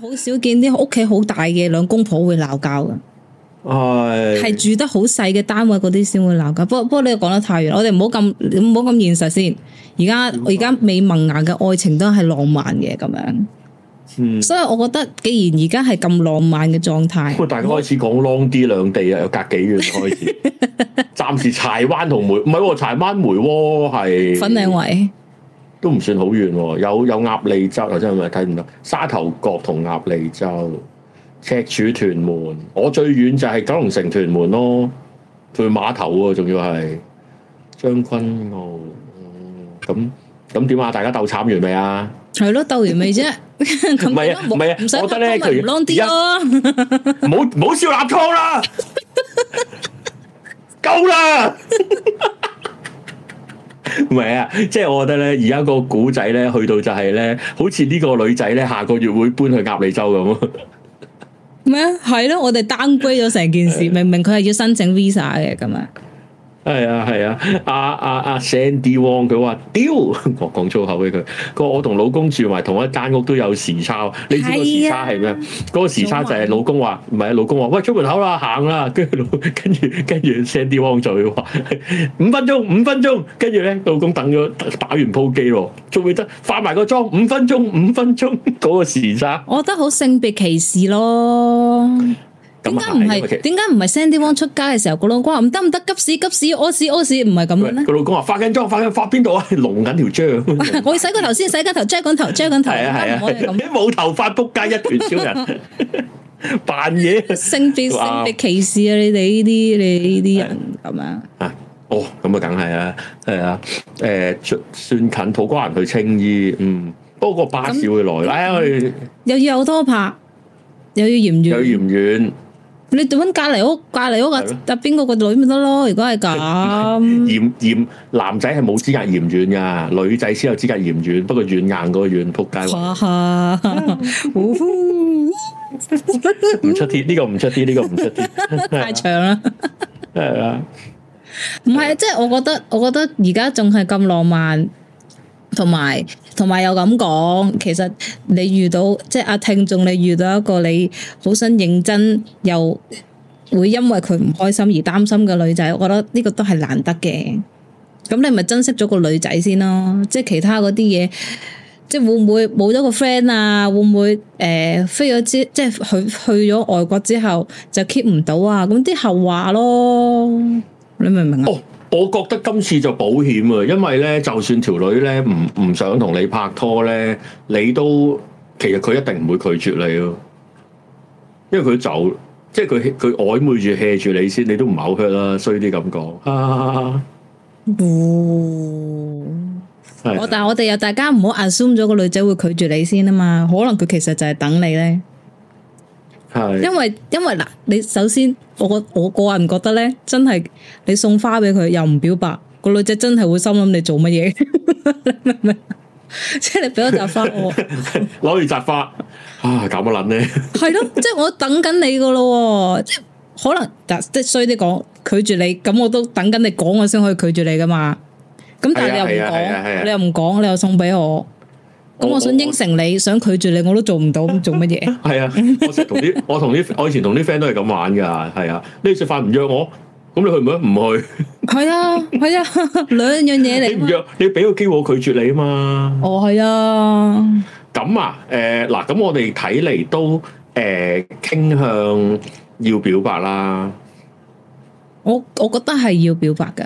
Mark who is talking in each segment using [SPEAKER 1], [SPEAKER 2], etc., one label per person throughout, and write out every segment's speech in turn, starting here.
[SPEAKER 1] 好少見啲屋企好大嘅兩公婆會鬧交嘅，
[SPEAKER 2] 係係是
[SPEAKER 1] 住得好細嘅單位嗰啲先會鬧交。不過不過你又講得太遠，我哋唔好咁唔好咁現實先。而家而家未萌芽嘅愛情都係浪漫嘅咁樣，嗯、所以我覺得既然而家係咁浪漫嘅狀態，不過大家開
[SPEAKER 2] 始講 long 啲兩地啊，又隔幾月開始。暫 時柴灣同梅唔係、哦、柴灣梅窩、哦、係粉嶺圍。都唔算好遠喎、啊，有有鴨脷洲啊，真係咪睇唔到？沙頭角同鴨脷洲、赤柱、屯門，我最遠就係九龍城屯門咯，去碼頭喎、啊，仲要係將軍澳。咁咁點啊？大家鬥慘完未 啊？係咯，鬥完未啫？唔係唔係，唔使咧，咪唔 long 啲咯。唔好唔好笑腩湯啦，夠啦！唔係啊，即係我覺得咧，而家個古仔咧，去到就係咧，好似呢個女仔咧，下個月會搬去鴨脷洲咁咯 。
[SPEAKER 1] 咩？係咯，我哋 downgrade 咗成件事， 明明佢係要申請 visa 嘅，咁啊。
[SPEAKER 2] 係啊，係啊，阿阿阿 Sandy Wong 佢 話屌，我講粗口俾佢。個我同老公住埋同一間屋都有時差，啊、你知個時差係咩？嗰個時差就係老公話，唔係啊，老公話喂，出門口啦，行啦， 跟住老，跟住跟住 Sandy Wong 就會話五分鐘五分鐘，跟住咧老公等咗打完鋪機咯，仲未得化埋個妝，五分鐘五分鐘嗰個時差，
[SPEAKER 1] 我覺得好性別歧視咯。
[SPEAKER 2] 點解唔係？點
[SPEAKER 1] 解唔係 Sandy Won 出街嘅時候，個老公話唔得唔得，急屎急屎，屙屎屙屎，唔係咁嘅咩？
[SPEAKER 2] 個老公話化緊妝，化緊，化邊度啊？濃緊條漿。緊緊緊緊
[SPEAKER 1] 我要洗個頭先，洗個頭，遮緊頭，遮緊頭，唔、啊、可以
[SPEAKER 2] 咁。冇頭髮，扑街，一團小人，扮 嘢飾。性別性別
[SPEAKER 1] 歧視啊！你哋呢啲，你呢啲人咁
[SPEAKER 2] 咪哦，咁啊，梗係啦，係啊，誒、呃，算近土瓜灣去青衣，嗯，不過巴士會來、哎呃嗯，
[SPEAKER 1] 又要有多拍，
[SPEAKER 2] 又要嫌遠，又嫌遠。
[SPEAKER 1] 你離就揾隔籬屋隔籬屋個搭邊嗰個女咪得咯，如果係咁。
[SPEAKER 2] 嫌嫌 男仔係冇資格嫌軟噶，女仔先有資格嫌軟，不過軟硬嗰個軟扑街。唔出啲呢、呢個唔出啲呢、呢個唔出啲， 太長啦了笑。 係啦，
[SPEAKER 1] 唔係即係我覺得，我覺得而家仲係咁浪漫。同埋，同埋又咁講，其實你遇到即係阿聽眾，你遇到一個你好想認真又會因為佢唔開心而擔心嘅女仔，我覺得呢個都係難得嘅。咁你咪珍惜咗個女仔先咯，即係其他嗰啲嘢，即係會唔會冇咗個 friend 啊？會唔會誒、呃、飛咗之即係去去咗外國之後就 keep 唔到啊？咁啲後話咯，你明唔明啊？Oh.
[SPEAKER 2] 我覺得今次就保險啊，因為咧，就算條女咧唔唔想同你拍拖咧，你都其實佢一定唔會拒絕你咯，因為佢走，即係佢佢曖昧住 hea 住你先，你都唔後悔啦，所以啲咁講啊，哦，我但係
[SPEAKER 1] 我哋又大家唔好 assume 咗個女仔會拒絕你先啊嘛，可能佢其實就係等你咧。係，因為因為嗱，你首先我個我個人覺得咧，真係你送花俾佢又唔表白，個女仔真係會心諗你做乜嘢，即係你俾我紮花，
[SPEAKER 2] 攞住扎花啊，搞乜撚咧？
[SPEAKER 1] 係咯，即係我等緊你噶咯，即係可能，即係衰啲講拒絕你，咁我都等緊你講我先可以拒絕你噶嘛。咁但係你又唔講，你又唔講，你又送畀我。咁我想應承你想拒絕你我都做唔到，做乜嘢？
[SPEAKER 2] 係 啊，我成日同啲我同啲我以前同啲 friend 都係咁玩噶，係啊。你食飯唔約我，咁你去唔去？唔去。
[SPEAKER 1] 係啊，係啊，
[SPEAKER 2] 兩樣嘢嚟。你唔約，你俾個機會我拒絕你啊嘛。哦，係啊。咁啊，誒、呃、嗱，咁我哋睇嚟都誒傾、呃、向要表白啦。
[SPEAKER 1] 我我覺得係要表白噶。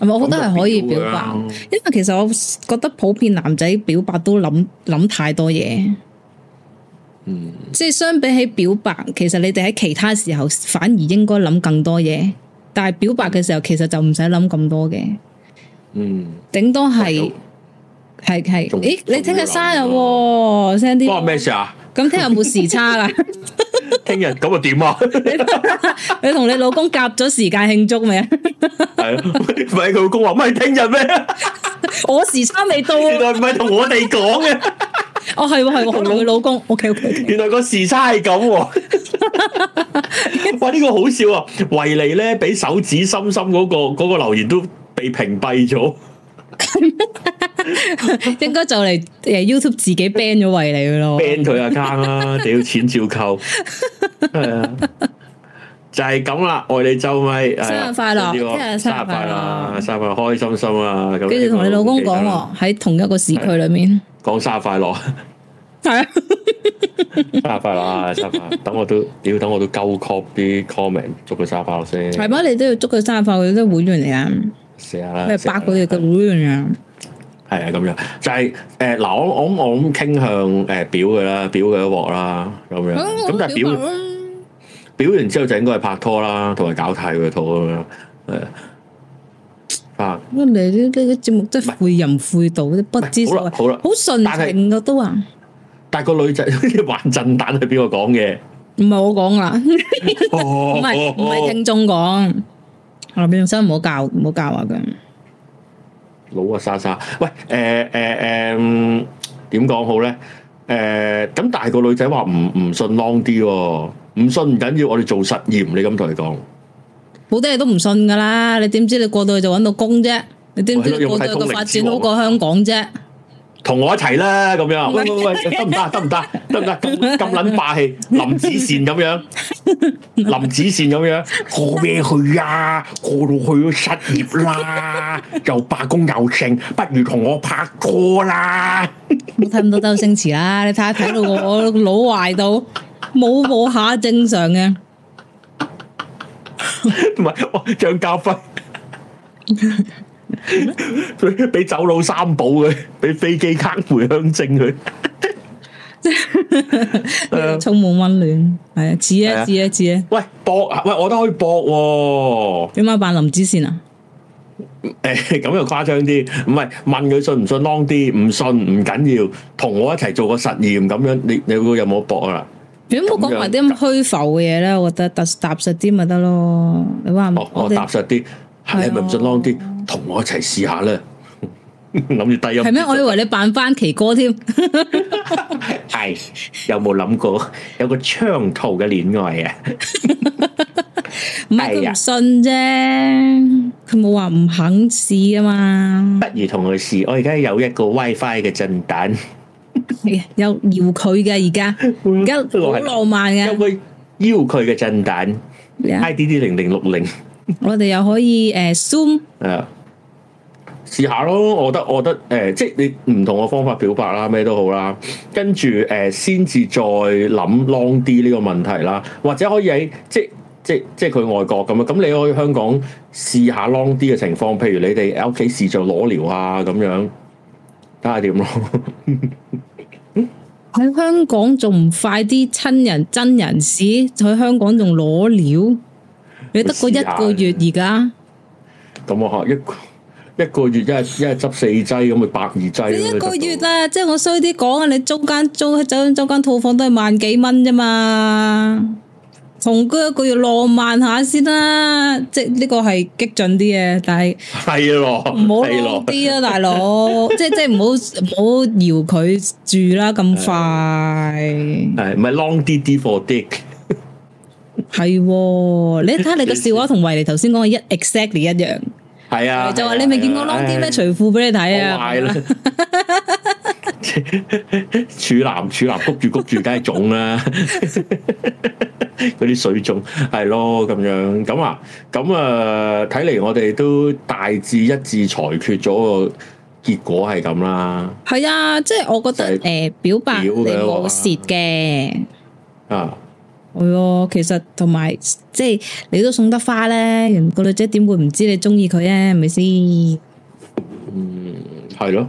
[SPEAKER 1] 係，我覺得係可以表白，因為其實我覺得普遍男仔表白都諗諗太多嘢，嗯，即係相比起表白，其實你哋喺其他時候反而應該諗更多嘢，但係表白嘅時候其實就唔使諗咁多嘅，嗯，頂多係係係，咦，你聽日生日，send 啲，關我咩事啊？咁聽日冇時差噶。
[SPEAKER 2] 聽日咁啊點啊？
[SPEAKER 1] 你同你老公夾咗時間慶祝未啊？
[SPEAKER 2] 係 啊， 唔係佢老公話唔係聽日咩？ 我時差未到， 原來唔係同我哋講嘅。 哦，係喎，係喎，同佢老公。OK OK。原來個時差係咁，啊。喂， 呢、呢個好笑啊！維尼咧，俾手指深深嗰，嗰個，嗰個留言都被屏蔽咗。
[SPEAKER 1] 應該就嚟誒，YouTube 自己 ban 咗
[SPEAKER 2] 為你咯，ban 佢啊，坑啦！ 屌錢照扣，係 啊，就係咁啦，愛你周咪，生、哎、日快樂，生日快樂，生日快樂，開心心啊！咁，跟住同你老公講喎，
[SPEAKER 1] 喺同一個時區裏面，
[SPEAKER 2] 講生日快樂，係啊，生日快樂，生 日，等我都屌，等我都夠 copy 啲 comment，捉佢，生日快樂先，係
[SPEAKER 1] 咩？你都要捉佢生日快樂，你都會員嚟啊！
[SPEAKER 2] 寫啦，咩八
[SPEAKER 1] 個月
[SPEAKER 2] 嘅會咁樣，係啊，咁樣就係誒，嗱，我我我傾向誒表佢啦，表佢一鑊啦，咁樣，咁但係表表完之後就應該係拍拖啦，同埋搞大佢個肚咁
[SPEAKER 1] 樣，係啊，你呢個節目真係誨淫誨盜，啲不知所謂，好啦好啦，純情噶都話，
[SPEAKER 2] 但係個女仔好似玩震蛋係邊個講嘅？
[SPEAKER 1] 唔係我講噶，
[SPEAKER 2] 唔係唔係聽
[SPEAKER 1] 眾講。我變咗真係唔好教唔好教啊！咁
[SPEAKER 2] 老啊，莎莎，喂，誒誒誒，點講好咧？誒、呃，咁、嗯呃、但係個女仔話唔唔信 long 啲、哦，唔信唔緊要，我哋做實驗，你咁同佢講，
[SPEAKER 1] 好多嘢都唔信噶啦，你點知你過到去就搵到工啫？你點知你過到去嘅發展好過香港啫？
[SPEAKER 2] 同我一齊啦，咁樣得唔得？得唔得？得唔得？咁咁捻霸氣，林子善咁樣，林子善咁樣，過咩去啊？過到去都失業啦，又罷工又剩，不如同我拍拖啦？
[SPEAKER 1] 冇睇唔到周星馳啦，你睇下睇到我腦壞到冇冇下正常嘅？
[SPEAKER 2] 唔係我張家輝。俾 走佬三寶佢，俾飛機卡回鄉證佢，即
[SPEAKER 1] 係充滿溫暖。係啊，止啊，止啊，止啊！喂，博
[SPEAKER 2] 啊！喂，我都可以博。點解扮林子善啊？誒，咁又誇張啲，唔係問佢信唔信 long 啲，唔信唔緊要，同我一齊做個實驗咁樣。你你會有冇博啊？你唔好講埋
[SPEAKER 1] 啲咁虛浮嘅嘢啦，我覺得踏實、 哦哦、踏實啲咪得咯。你話我我踏
[SPEAKER 2] 實啲係咪唔信 long 啲？同我一齊試下啦，諗住低音係咩？我
[SPEAKER 1] 以為你扮翻奇哥添，
[SPEAKER 2] 係有冇諗過有個長途嘅戀愛啊？唔係佢
[SPEAKER 1] 唔信啫，佢冇話唔肯試啊嘛。
[SPEAKER 2] 不如同佢試，我而家有一個 WiFi 嘅震蛋，
[SPEAKER 1] 有搖佢嘅而家，而家好浪漫嘅，
[SPEAKER 2] 搖佢嘅震蛋，IDD 零零六零，
[SPEAKER 1] 我哋又可以誒 Zoom
[SPEAKER 2] 啊。試下咯，我覺得我覺得誒、呃，即係你唔同嘅方法表白啦，咩都好啦，跟住誒先至再諗 long 啲呢個問題啦，或者可以喺即即即佢外國咁啊，咁你喺香港試下 long 啲嘅情況，譬如你哋喺屋企試著裸聊啊咁樣睇下點咯。
[SPEAKER 1] 喺 香港仲唔快啲親人真人試？就喺香港仲裸聊？
[SPEAKER 2] 你得過一個月而家。咁、嗯、我下一。一個月一一日執四劑咁咪百二劑。一個，一個
[SPEAKER 1] 月啦、啊，即係我衰啲講啊！你中間租一間，租間套房都係萬幾蚊啫嘛。同居一個月浪漫下先啦、啊，即係呢個係激進啲嘅，但係
[SPEAKER 2] 係咯，唔好 long 啲啊，大佬，
[SPEAKER 1] 即係即係唔好唔好搖佢住啦，咁快
[SPEAKER 2] 係咪 long 啲啲 for dick？
[SPEAKER 1] 係、哦，你睇你個笑話同維尼頭先講嘅一 exactly 一樣。
[SPEAKER 2] 係啊，就話你未見過，啲咩除
[SPEAKER 1] 褲俾你睇啊？
[SPEAKER 2] 處男處男，谷住谷住，梗係腫啦，嗰啲水腫。係咯，咁樣咁啊，咁啊，睇嚟我哋都大致一致裁決咗個結果係咁啦。
[SPEAKER 1] 係啊，即係我覺得誒，表白你冇蝕嘅啊。係哦，其實同埋即係你都送得花咧，個女仔點會唔知你中意佢咧？係咪先？嗯的，係咯、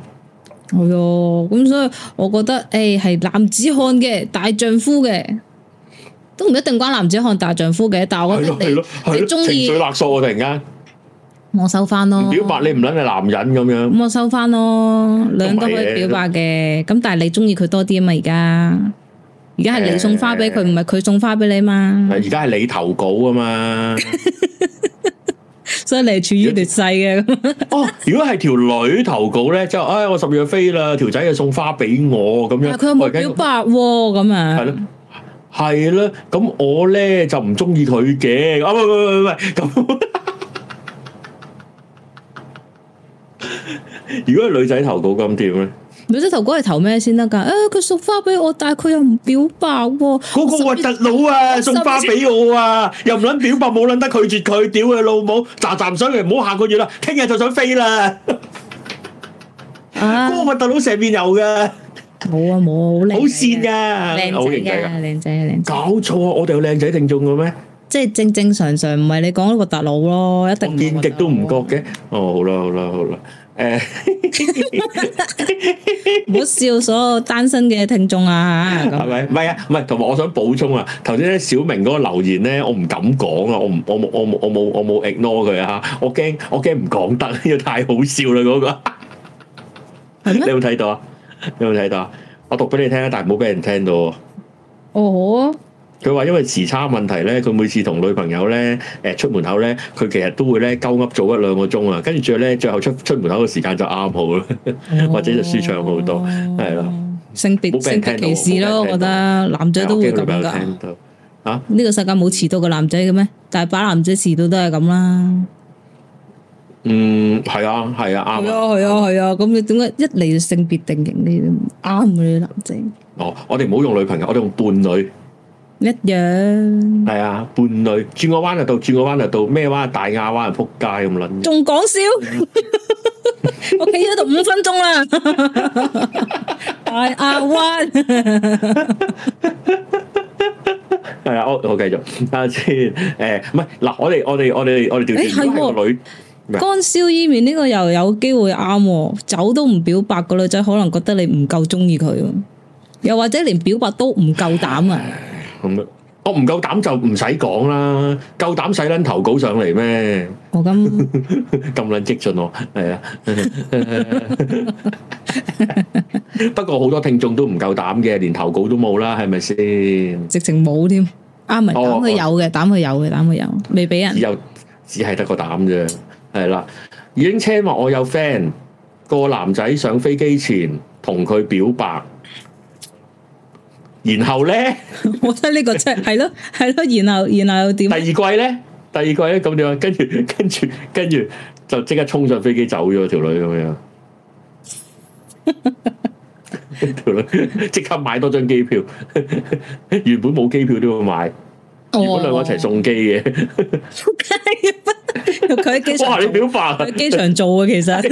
[SPEAKER 1] 哦。係咁，所以我覺得誒，係、哎、男子漢嘅大丈夫嘅，都唔一定關男子漢大丈夫嘅。但係
[SPEAKER 2] 我覺得你，你中意，情緒勒索啊！突然間，
[SPEAKER 1] 我收翻咯。表
[SPEAKER 2] 白你唔撚係男人咁樣，咁我
[SPEAKER 1] 收翻咯。兩都可以表白嘅，咁但係你中意佢多啲啊嘛？而家。嗯
[SPEAKER 2] 而家係你送花俾佢，
[SPEAKER 1] 唔係佢送花俾你嘛？而
[SPEAKER 2] 家係你投稿啊嘛，
[SPEAKER 1] 所以你係處於劣勢嘅。
[SPEAKER 2] 哦，如果係條女投稿咧，就唉，我十月飛啦，條仔又送花俾我咁樣，佢唔表白喎咁樣。係咯，係咯，咁我咧就唔中意佢嘅。喂喂喂喂，咁如果係女仔投稿咁點咧？
[SPEAKER 1] 你只頭哥係投咩先得噶？啊，佢送花俾我，但係佢又唔表白。嗰個核突佬啊，送花俾
[SPEAKER 2] 我啊，又唔捻表白，冇捻得拒絕佢，屌佢老母！暫暫唔想佢，唔好下個月啦，聽日就想飛啦。嗰個核突佬成面油嘅，冇啊冇啊，好靚，好型噶，靚仔啊，靚仔啊，靚！搞錯啊，我哋有靚仔聽眾嘅咩？即係
[SPEAKER 1] 正正常常唔係你講嗰個特佬咯，一定見
[SPEAKER 2] 極都唔覺嘅。哦，好啦好啦好啦。
[SPEAKER 1] 誒，唔好， 笑所有單身嘅聽眾
[SPEAKER 2] 啊！係咪？唔係啊，唔係、啊。同埋我想補充啊，頭先咧小明嗰個留言咧，我唔敢講啊，我唔我冇我我冇我冇 ignore 佢啊！我驚我驚唔講得，又太好笑啦嗰個 係咩？你有冇睇到啊？你有冇睇到啊？我讀俾你聽啊，但係唔好俾人聽到、啊。哦。Oh. 佢話：因為時差問題咧，佢每次同女朋友咧，誒出門口咧，佢其實都會咧鳩噏早一兩個鐘啊。跟住再咧，最後出出門口嘅時間就啱好咯，或者就舒暢好多，係咯。
[SPEAKER 1] 性別性別歧視咯，我覺得男仔都會咁噶。嚇，呢個世界冇遲到嘅男仔嘅咩？大把男仔遲到都係咁啦。
[SPEAKER 2] 嗯，係啊，係啊，啱啊，
[SPEAKER 1] 係啊，係啊，咁你點解一嚟就性別定型啲啱嗰啲男仔？
[SPEAKER 2] 哦，我哋唔好用女朋友，我哋用伴侶。一樣係啊，伴侶轉個彎就到，轉個彎就到，咩彎？大亞灣係扑街咁啦，
[SPEAKER 1] 仲講笑，我企喺度五分鐘啦，大亞灣
[SPEAKER 2] 係啊，我我繼續睇下先，誒，唔係嗱，我哋我哋我哋我哋調轉翻個女乾
[SPEAKER 1] 燒伊麵呢個又有機會啱，走都唔表白個女仔可能覺得你唔夠中意佢，又或者連表白都唔夠膽啊！
[SPEAKER 2] 咁，我唔夠膽就唔使講啦，夠膽使撚投稿上嚟咩？我咁咁撚激進喎，係啊。不過好多聽眾都唔夠膽嘅，連投稿都冇啦，係咪先？直情冇添，
[SPEAKER 1] 啱唔係講佢有嘅，膽佢有嘅，膽佢有，未俾人。只
[SPEAKER 2] 有只係得個膽啫，係啦。已經車禍，我有 friend 個男仔上飛機前同佢表白。然後咧，
[SPEAKER 1] 我覺得呢個真係係咯係咯，然後然後又點？第二季
[SPEAKER 2] 咧，第二季咧咁點啊？跟住跟住跟住就即刻衝上飛機走咗條女咁樣。條女即刻買多張機票， 原本冇機票都要買。
[SPEAKER 1] 哦，原本果兩個一
[SPEAKER 2] 齊送機嘅，佢
[SPEAKER 1] 喺 機場。哇！你
[SPEAKER 2] 表白喺機場做啊，其實。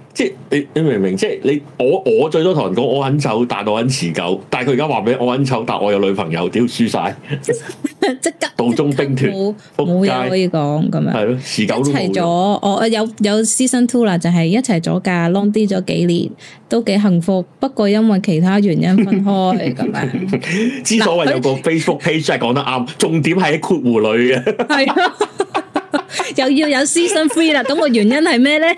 [SPEAKER 2] 即係你，你明唔明即係你，我我最多同人講我搵醜，但我搵持久。但係佢而家話俾我搵醜，但我有女朋友，屌輸晒，即刻到中兵團冇嘢
[SPEAKER 1] 可以講咁樣。係
[SPEAKER 2] 咯，持久。一齊咗，
[SPEAKER 1] 我有有師生 two 啦，就係一齊咗架 long D 咗幾年，都幾幸福。不過因為其他原因分開咁樣。
[SPEAKER 2] 之所謂有個 Facebook page 係講得啱，重點係喺括弧裏嘅。
[SPEAKER 1] 係啊。又要有 season three 啦，咁個原因係咩咧？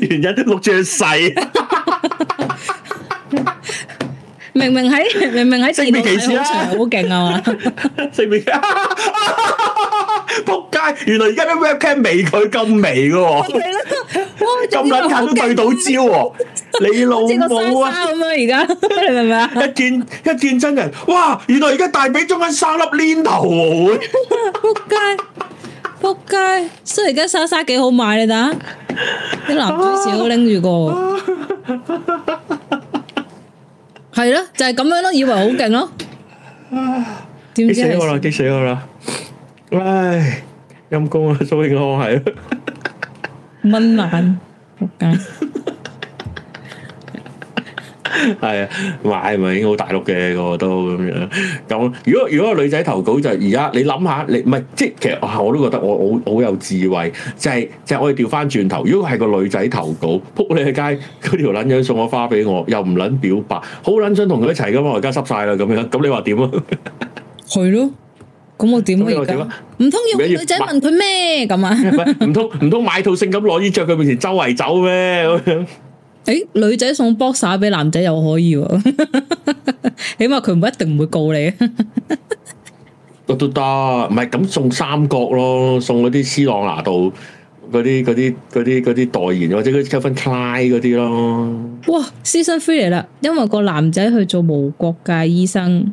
[SPEAKER 2] 原因錄住細，
[SPEAKER 1] 明明喺明明喺前面幾次啦，好勁啊嘛！前面
[SPEAKER 2] 撲街，原來而家啲 webcam 未佢咁味㗎喎。咁撚近都對到焦喎！你老母啊！咁啊，而家你明唔明啊？一見一見真人，哇！原來而家大髀中間生粒黏頭喎！撲街
[SPEAKER 1] 撲街！雖然而家莎莎幾好賣啊，但啲男仔少拎住個，係咯，就係咁樣咯，以為好勁咯。
[SPEAKER 2] 點激死我啦！激死我啦！唉，陰公啊，蘇永康係。
[SPEAKER 1] 蚊
[SPEAKER 2] 眼仆街，係啊，話係咪已經好大陸嘅，個個都咁樣咁。如果如果個女仔投稿就係而家，你諗下你唔係即係其實我都覺得我好好有智慧，就係就係我哋調返轉頭。如果係個女仔投稿，扑你喺街，佢條撚樣送我花俾我，又唔撚表白，好撚想同佢一齊噶嘛？我而家濕晒啦，咁樣咁你話點啊？
[SPEAKER 1] 去咯嘴。咁我點啊？
[SPEAKER 2] 唔通要女仔問
[SPEAKER 1] 佢咩咁啊？
[SPEAKER 2] 唔通唔通買套性感內衣着佢面前周圍走咩？咁
[SPEAKER 1] 誒，女仔送 boxer 俾男仔又可以喎，起碼佢唔一定唔會告你
[SPEAKER 2] 都。都都得，唔係咁送三角咯，送嗰啲斯朗拿度嗰啲啲啲啲代言，或者嗰啲 Calvin Klein 嗰啲咯。
[SPEAKER 1] 哇，醫生 free 嚟啦，因為個男仔去做無國界醫生。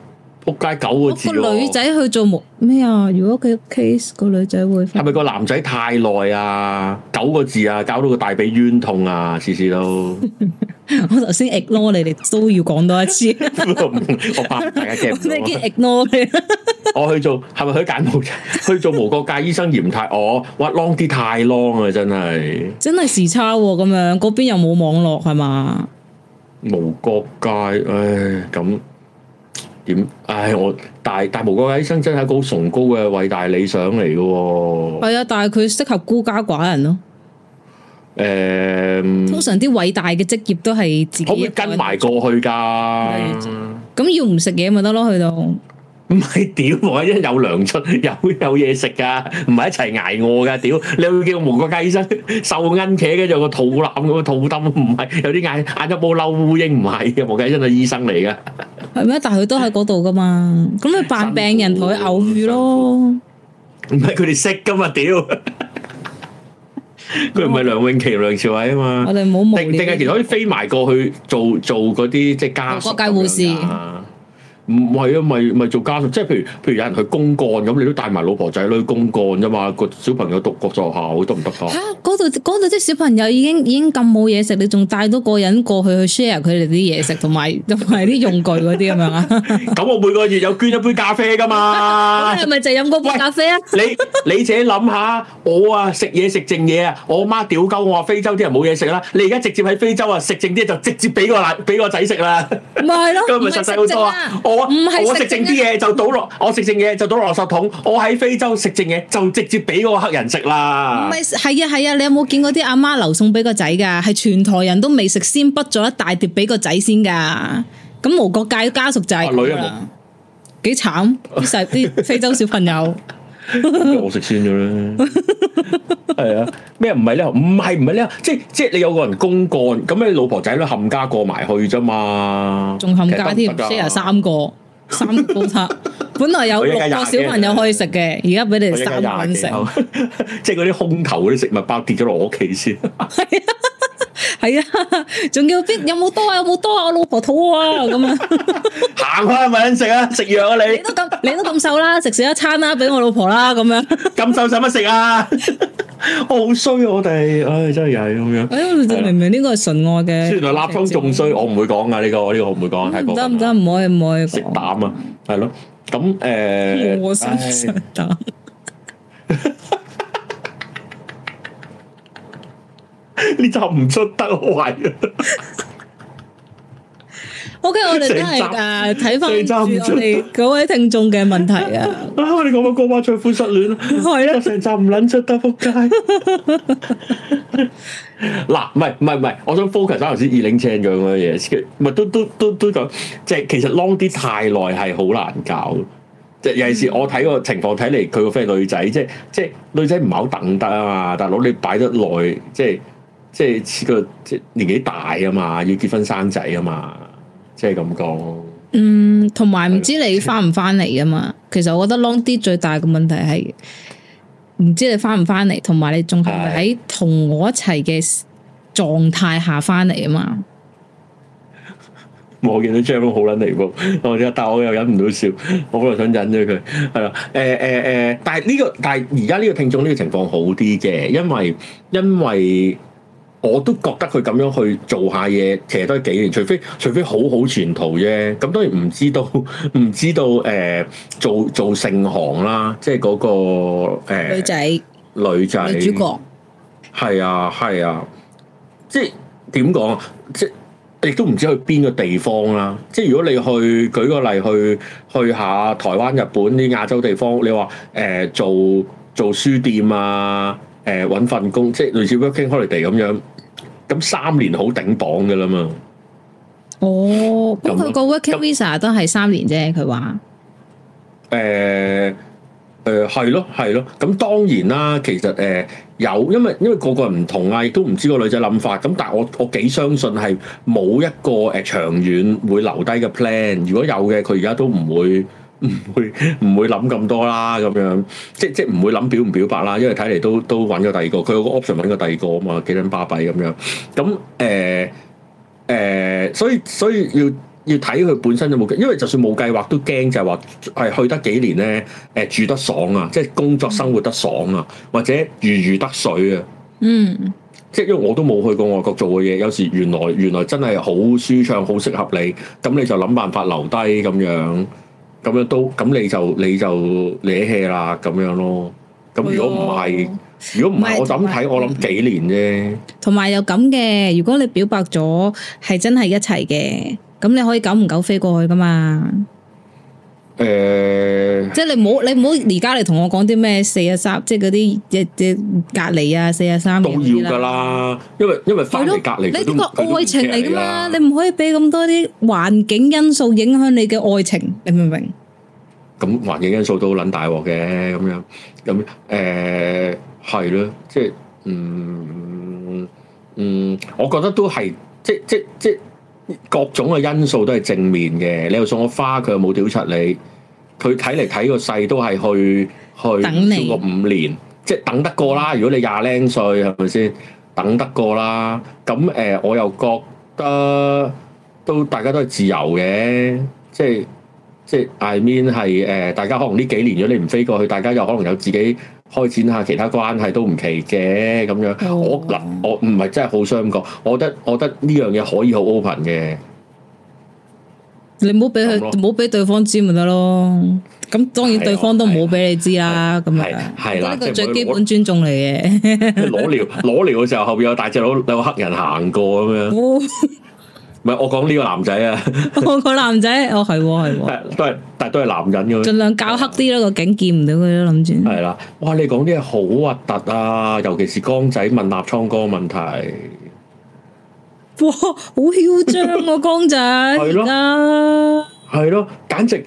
[SPEAKER 2] 撲街九個字、啊、個女仔
[SPEAKER 1] 去做木咩啊？如果佢 case 個、嗰個女仔會，係
[SPEAKER 2] 咪個男仔太耐啊？九個字啊，搞到個大髀冤痛啊！次次都
[SPEAKER 1] 我頭先才 ignore 你，哋都要講多一次，
[SPEAKER 2] 我怕大家驚唔到。你已經
[SPEAKER 1] ignore 嘅，
[SPEAKER 2] 我去做係咪去揀冇？去做無國界醫生嫌太哦，哇 long 啲太 long 啊！真係
[SPEAKER 1] 真係時差咁樣，嗰邊又冇網絡係嘛？
[SPEAKER 2] 無國界，唉咁。點唉、哎！我但但無國界醫生真係一個好崇高嘅偉大理想嚟嘅喎。
[SPEAKER 1] 係啊，但係佢適合孤家寡人咯。
[SPEAKER 2] 誒、嗯，通
[SPEAKER 1] 常啲偉大嘅職業都係自己可以
[SPEAKER 2] 跟埋過去噶。
[SPEAKER 1] 咁、嗯、要唔食嘢咪得咯？去到
[SPEAKER 2] 唔係屌，無國界醫生有糧出，有有嘢食噶，唔係一齊捱餓噶。屌，你會叫無國界醫生瘦恩茄嘅，有個肚腩咁肚腩唔係，有啲挨挨咗波嬲烏蠅，唔係嘅，無國界醫生係醫生嚟噶。
[SPEAKER 1] 係咩？但係佢都喺嗰度噶嘛？咁佢扮病人同佢偶遇咯。
[SPEAKER 2] 唔係佢哋識噶嘛？屌，佢唔係梁詠琪梁朝偉啊嘛？ 是我
[SPEAKER 1] 哋冇忘定定係其
[SPEAKER 2] 實可以飛埋過去做做嗰啲即係家國際護士。唔係啊，咪咪做家屬，即係譬如譬如有人去公幹，咁，你都帶埋老婆仔女公幹啫嘛。個小朋友讀國際學校，得唔得啊？嚇！嗰
[SPEAKER 1] 度嗰度啲小朋友已經已經咁冇嘢食，你仲帶多個人過去去 share 佢哋啲嘢
[SPEAKER 2] 食，同埋同埋啲用具嗰啲咁樣啊？咁我每個月有捐一杯咖啡㗎嘛？係咪就飲嗰杯咖啡啊？ 你你自己諗下，我啊食嘢食剩嘢啊，我媽屌鳩我話非洲啲人冇嘢食啦。你而家直接喺非洲啊食剩啲就直接俾個俾個仔食啦。唔係咯，唔 食 剩啊！
[SPEAKER 1] 唔係我食剩啲嘢
[SPEAKER 2] 就倒落我食剩嘢就倒落垃圾桶，我喺非洲食剩嘢就直接俾嗰個黑人食啦。唔
[SPEAKER 1] 係，係啊係啊，你有冇見過啲阿媽，媽留餸俾個仔噶？係全台人都未食先滗咗一大碟俾個仔先噶。咁無、嗯、國界家屬就係啦，幾、啊、慘啲細啲非洲小朋友。
[SPEAKER 2] 我食先咗啦，係 啊，咩唔係咧？唔係唔係咧？即係即係你有個人公幹，咁你老婆仔都冚家過埋去啫嘛，仲冚家添 share 三
[SPEAKER 1] 個三煲七， 本來有六個小朋友可以食嘅，而家俾你哋三份食， 即
[SPEAKER 2] 係嗰啲空頭嗰啲食物包跌咗落我屋企先。
[SPEAKER 1] 係啊，仲要邊有冇多啊？有冇多啊？我老婆肚餓啊，咁啊，
[SPEAKER 2] 行
[SPEAKER 1] 翻係咪先食啊？食藥啊你？你都咁，你都咁瘦啦，食少一餐啦，俾我老婆啦，咁樣。咁瘦使乜食啊？
[SPEAKER 2] 好衰啊！我哋，唉，真係又係咁樣。哎，明明呢個係純愛嘅，原來立康仲衰，我唔會講噶呢個，呢個我唔會講。唔得唔得，唔可以唔可以食膽啊？係咯，咁誒，我想食膽。呢集唔出得位
[SPEAKER 1] 啊？O K，我哋真係誒睇翻住我哋嗰位聽眾嘅問題
[SPEAKER 2] 啊！我哋講乜高巴丈夫失戀啊？係啊，成 集唔撚出得扑街。嗱，唔係唔係唔係，我想 focus 翻頭先二零 c h a i 嘢，唔係都都都都講，即係其實 long 啲太耐係好難搞。即係尤其是我睇個情況睇嚟，佢個 friend 女仔，即係即係女仔唔係好等得啊嘛，大佬你擺得耐，即係。即即係似個即係年紀大啊嘛，要結婚生仔啊嘛，即係咁講。嗯，
[SPEAKER 1] 同埋唔知你翻唔翻嚟啊嘛？ 其實我覺得 long 啲最大嘅問題係唔知你翻唔翻嚟，同埋你仲係唔係喺同我一齊嘅狀態下翻嚟啊嘛？
[SPEAKER 2] 我見到張好捻離譜，但我又忍唔到笑，我本來想忍咗佢係啦。誒誒誒，但係、這、呢個但係而家呢個聽眾呢個情況好啲嘅，因為因為。我都覺得佢咁樣去做下嘢，其實都係幾年，除非除非好好前途啫。咁當然唔知道，唔知道誒、呃、做做聖行啦，即係嗰、那個、呃、女仔女仔主角。係啊係啊，即係點講啊？即係亦都唔知去邊個地方啦。即係如果你去舉個例去去下台灣、日本啲亞洲地方，你話誒、呃、做做書店啊？誒，搵、呃、份工，即係類似 working holiday 咁樣，咁三年好頂檔噶啦嘛。
[SPEAKER 1] 哦，咁佢、嗯、但個 working visa、嗯、都係三年啫，佢話。
[SPEAKER 2] 誒、呃，誒、呃，係咯，係咯，咁當然啦。其實誒、呃，有，因為因為個個唔同啊，亦都唔知個女仔諗法。咁，但係我我幾相信係冇一個誒、呃、長遠會留低嘅 plan。如果有嘅，佢而家都唔會。唔會唔會諗咁多啦，咁樣即即唔會諗表唔表白啦，因為睇嚟，都都揾咗第二個，佢有個 option 揾過第二個啊嘛，幾撚巴閉咁樣，咁誒誒，所以所以要要睇佢本身有冇計。因為就算冇計劃都驚就係話係去得幾年咧，誒、呃、住得爽啊，即係工作生活得爽啊，或者如魚得水啊，嗯，即係因為我都冇去過外國做嘅嘢，有時原來原來真係好舒暢，好適合你，咁你就諗辦法留低咁樣。咁樣都咁你就你就惹氣啦咁樣咯，咁如果唔係，如果唔係是我就咁睇，有我諗幾年啫。
[SPEAKER 1] 同埋有咁嘅，如果你表白咗係真係一齊嘅，咁你可以久唔久飛過去噶嘛？
[SPEAKER 2] 誒，
[SPEAKER 1] 即係你唔好，你唔好而家嚟同我講啲咩四啊三，即係嗰啲即即隔離啊，四啊三嗰啲啦。都要噶啦，
[SPEAKER 2] 因為因為翻嚟隔離佢都你個愛情嚟噶嘛，你
[SPEAKER 1] 唔可以俾咁多啲環境因素影響你嘅愛情，你明唔明？
[SPEAKER 2] 咁環境因素都撚大鑊嘅，咁樣咁誒係咯，即係嗯嗯，我覺得都係，即即即。各種嘅因素都係正面嘅，你又送咗花，佢又冇屌柒你，佢睇嚟睇個勢都係去等你去超過五年，即係等得過啦。嗯、如果你廿零歲係咪先等得過啦？咁誒、呃，我又覺得都大家都係自由嘅，即係即係 I mean 係誒、呃，大家可能呢幾年如果你唔飛過去，大家又可能有自己。開展下其他關係都唔奇嘅咁樣，oh. 我嗱，我唔係真係好傷咁講，我覺得我覺得呢樣嘢可以好 open 嘅。你
[SPEAKER 1] 唔好俾佢唔好俾對方知咪得咯？咁當然對方都唔好俾你知啦。咁、哎、呀樣，呢個最基本尊重嚟嘅。
[SPEAKER 2] 攞尿攞尿嘅時候，後邊有大隻佬有黑人行過咁樣。Oh. 唔係我講呢個男仔啊！ 我講男仔，我係係，都係，但係都係男人嘅。盡
[SPEAKER 1] 量搞黑啲咯， 個景見唔到佢都諗住。
[SPEAKER 2] 係啦，哇！你講啲嘢好核突啊，尤其是江仔問立倉哥問題。
[SPEAKER 1] 哇！好囂張啊，江仔係
[SPEAKER 2] 咯，係咯 係啊，係啊，簡直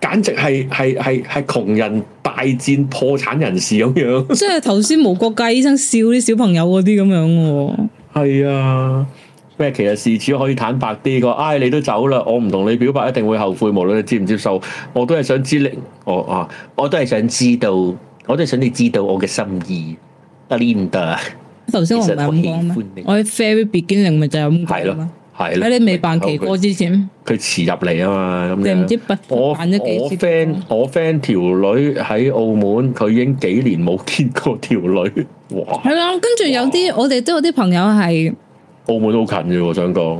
[SPEAKER 2] 簡直係係係係窮人大戰破產人士咁樣。 即係頭先無國界醫生笑啲小朋友嗰啲咁樣嘅。係啊。 咩？其實事主可以坦白啲個，唉、哎，你都走啦，我唔同你表白一定會後悔，無論你接唔接受，我都係想知你，我啊，我都係想知道，我都係想你知道我嘅心意，得唔得啊？頭先我唔係咁
[SPEAKER 1] 講咩？我 very beginning 咪就係咁講咯，
[SPEAKER 2] 係啦。喺你未辦期貨之前，佢遲、嗯嗯嗯嗯、入嚟啊嘛，咁樣唔知
[SPEAKER 1] 不？我 friend，我
[SPEAKER 2] friend 我 friend 條女喺澳門，佢已經幾年冇見過條女，哇！
[SPEAKER 1] 係啦，跟住有啲我哋都有啲朋友係。
[SPEAKER 2] 澳門好近嘅，我想講。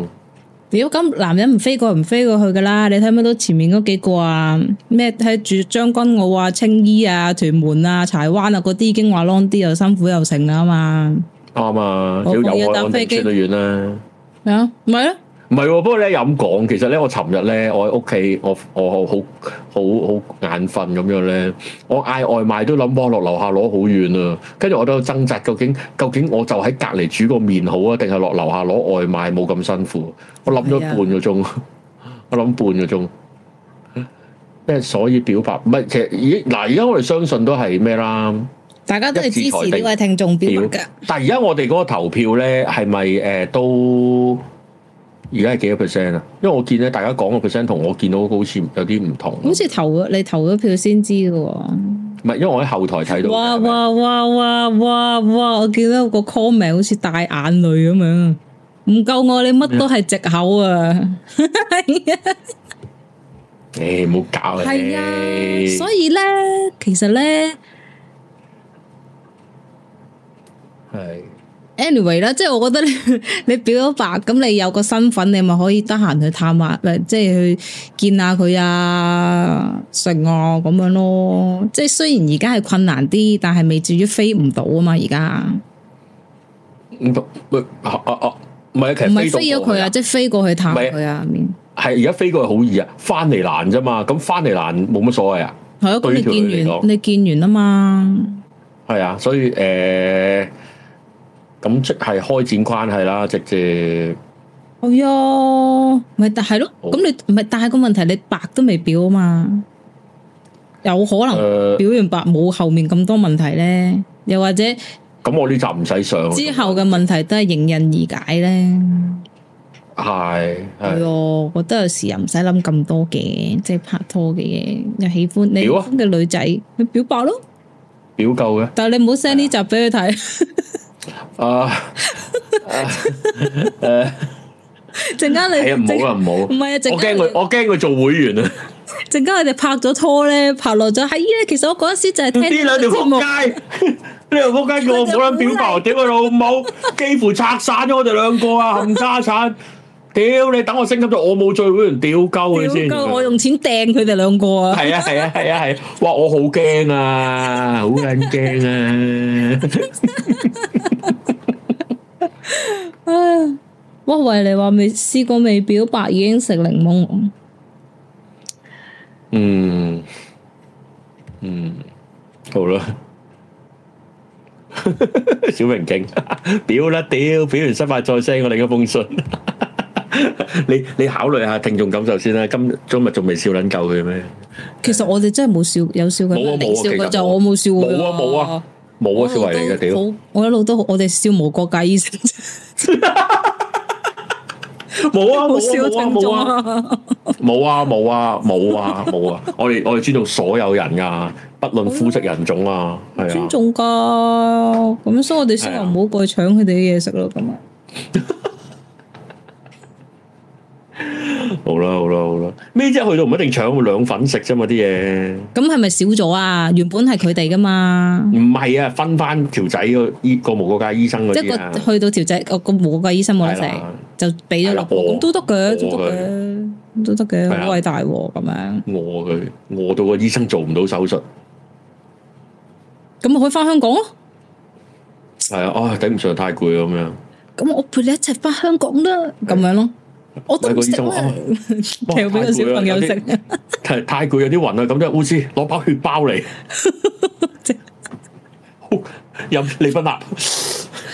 [SPEAKER 1] 屌，果咁男人唔飛過唔飛過去噶啦，你睇唔睇到前面嗰幾個啊？咩睇住將軍澳啊、青衣啊、屯門啊、柴灣啊嗰啲已經話 long 啲又辛苦又剩啊嘛。
[SPEAKER 2] 啱啊，要搭飛機都遠啦。
[SPEAKER 1] 咩啊？唔係啊？
[SPEAKER 2] 唔係喎，不過咧又咁講，其實咧我尋日咧我喺屋企，我我，我，我好好好，好眼瞓咁樣咧，我嗌外賣都諗幫落樓下攞好遠啊，跟住我都喺度掙扎，究竟究竟我就喺隔離煮個麵好啊，定係落樓下攞外賣冇咁辛苦？我諗咗半個鐘，是啊、 我諗半個鐘咩？所以表白唔係其實已嗱，而家我哋相信都係咩啦？
[SPEAKER 1] 大家都係支持呢位聽眾表噶。還還表但係而家我
[SPEAKER 2] 哋嗰個投票咧係咪誒都？都而家係幾多 percent 啊？因為我見咧，大家講個 percent 同我見到個好似有啲唔同。
[SPEAKER 1] 好似投咗你投咗票先知嘅
[SPEAKER 2] 喎。唔係，因為我喺後台睇到。哇哇
[SPEAKER 1] 哇哇哇哇！我見到個 comment 好似帶眼淚咁樣，唔夠我你乜都係借口啊！哎，
[SPEAKER 2] 唔好搞佢。係啊，所
[SPEAKER 1] 以咧，其實咧，
[SPEAKER 2] 係。
[SPEAKER 1] Anyway 啦，即係我覺得你你表咗白，咁你有個身份，你咪可以得閒去探下，即係去見下佢啊，食我咁樣咯。即係雖然而家係困難啲，但係未至於飛唔到啊嘛，而家
[SPEAKER 2] 唔得咪係唔係飛咗
[SPEAKER 1] 佢啊，即、啊、係飛過去探佢是啊面。
[SPEAKER 2] 係而家飛過去好易啊，翻嚟難啫嘛。咁翻嚟難冇乜所謂啊。係啊對，咁對你見完你見完啊嘛。係啊，所以誒。咁即係開展關係啦，直接。
[SPEAKER 1] 哎呀，咪但係咯，咁你唔係，但係個問題，你白都未表啊嘛，有可
[SPEAKER 2] 能表
[SPEAKER 1] 完白冇後面咁多問題咧，又或者
[SPEAKER 2] 咁我呢集唔使上，之
[SPEAKER 1] 後嘅問題都係迎刃而解咧。
[SPEAKER 2] 係係，我
[SPEAKER 1] 都覺得有時又唔使諗咁多嘅，即係拍拖嘅嘢，又喜歡你嘅女仔，你表白咯，
[SPEAKER 2] 表夠嘅，
[SPEAKER 1] 但係你唔好 send 呢集俾佢睇。
[SPEAKER 2] 啊！
[SPEAKER 1] 誒，陣間你係啊，唔好啊，唔好，唔係啊，我
[SPEAKER 2] 驚佢，我驚佢做會員啊！
[SPEAKER 1] 陣間我哋拍咗拖咧，爬落咗，係依咧。其實我嗰時就係呢兩條撲街，
[SPEAKER 2] 呢條撲街叫我唔好諗表白，屌佢老母，幾乎拆散咗我哋兩個啊，冚家鏟！屌你，等我升級咗，我冇做會員，屌鳩佢先，我
[SPEAKER 1] 用錢掟佢哋兩個啊！係啊，係
[SPEAKER 2] 啊，係啊，係！哇，我好驚啊，好撚驚啊！
[SPEAKER 1] 啊！我以為你話未試過未表白，已經食檸檬。嗯
[SPEAKER 2] 嗯，好啦，小明經表啦，屌表完失敗再聲，我哋一封信。你你考慮下聽眾感受先啦。今今日仲未笑撚夠佢咩？
[SPEAKER 1] 其實我哋真係冇笑，有笑佢冇啊冇啊，其實我冇笑佢，冇啊冇啊。
[SPEAKER 2] 冇啊！少維你嘅屌！
[SPEAKER 1] 我一路都我哋笑無國界醫生，冇 啊！冇啊！冇啊，啊！
[SPEAKER 2] 冇啊！冇啊！冇啊，啊，啊！我哋我哋尊重所有人噶，啊，不論膚色人種啊，係好啊，尊
[SPEAKER 1] 重噶。咁所以我哋先話唔好過去搶佢哋嘅嘢食咯，咁啊。
[SPEAKER 2] 好啦好啦好啦，咩啫？去到唔一定搶，兩份食啫嘛啲嘢。
[SPEAKER 1] 咁係咪少咗啊？原本係佢哋噶嘛。
[SPEAKER 2] 唔係啊，分翻條仔個醫個無國界醫生嗰啲啊。即係個去
[SPEAKER 1] 到條仔個個無國界醫生冇得食，
[SPEAKER 2] 就俾咗落。都得
[SPEAKER 1] 嘅，都得嘅，都得嘅，好偉大咁樣。餓
[SPEAKER 2] 佢餓到個醫生做唔到手術，
[SPEAKER 1] 咁咪可以翻香港咯。
[SPEAKER 2] 係啊，唉，頂唔順太攰咁樣。
[SPEAKER 1] 咁我陪你一齊翻香港啦，
[SPEAKER 2] 咁樣咯。
[SPEAKER 1] 我都識，掉俾個小朋友
[SPEAKER 2] 食。太太攰，有啲暈啦。咁即係烏斯攞包血包嚟，飲離婚啦，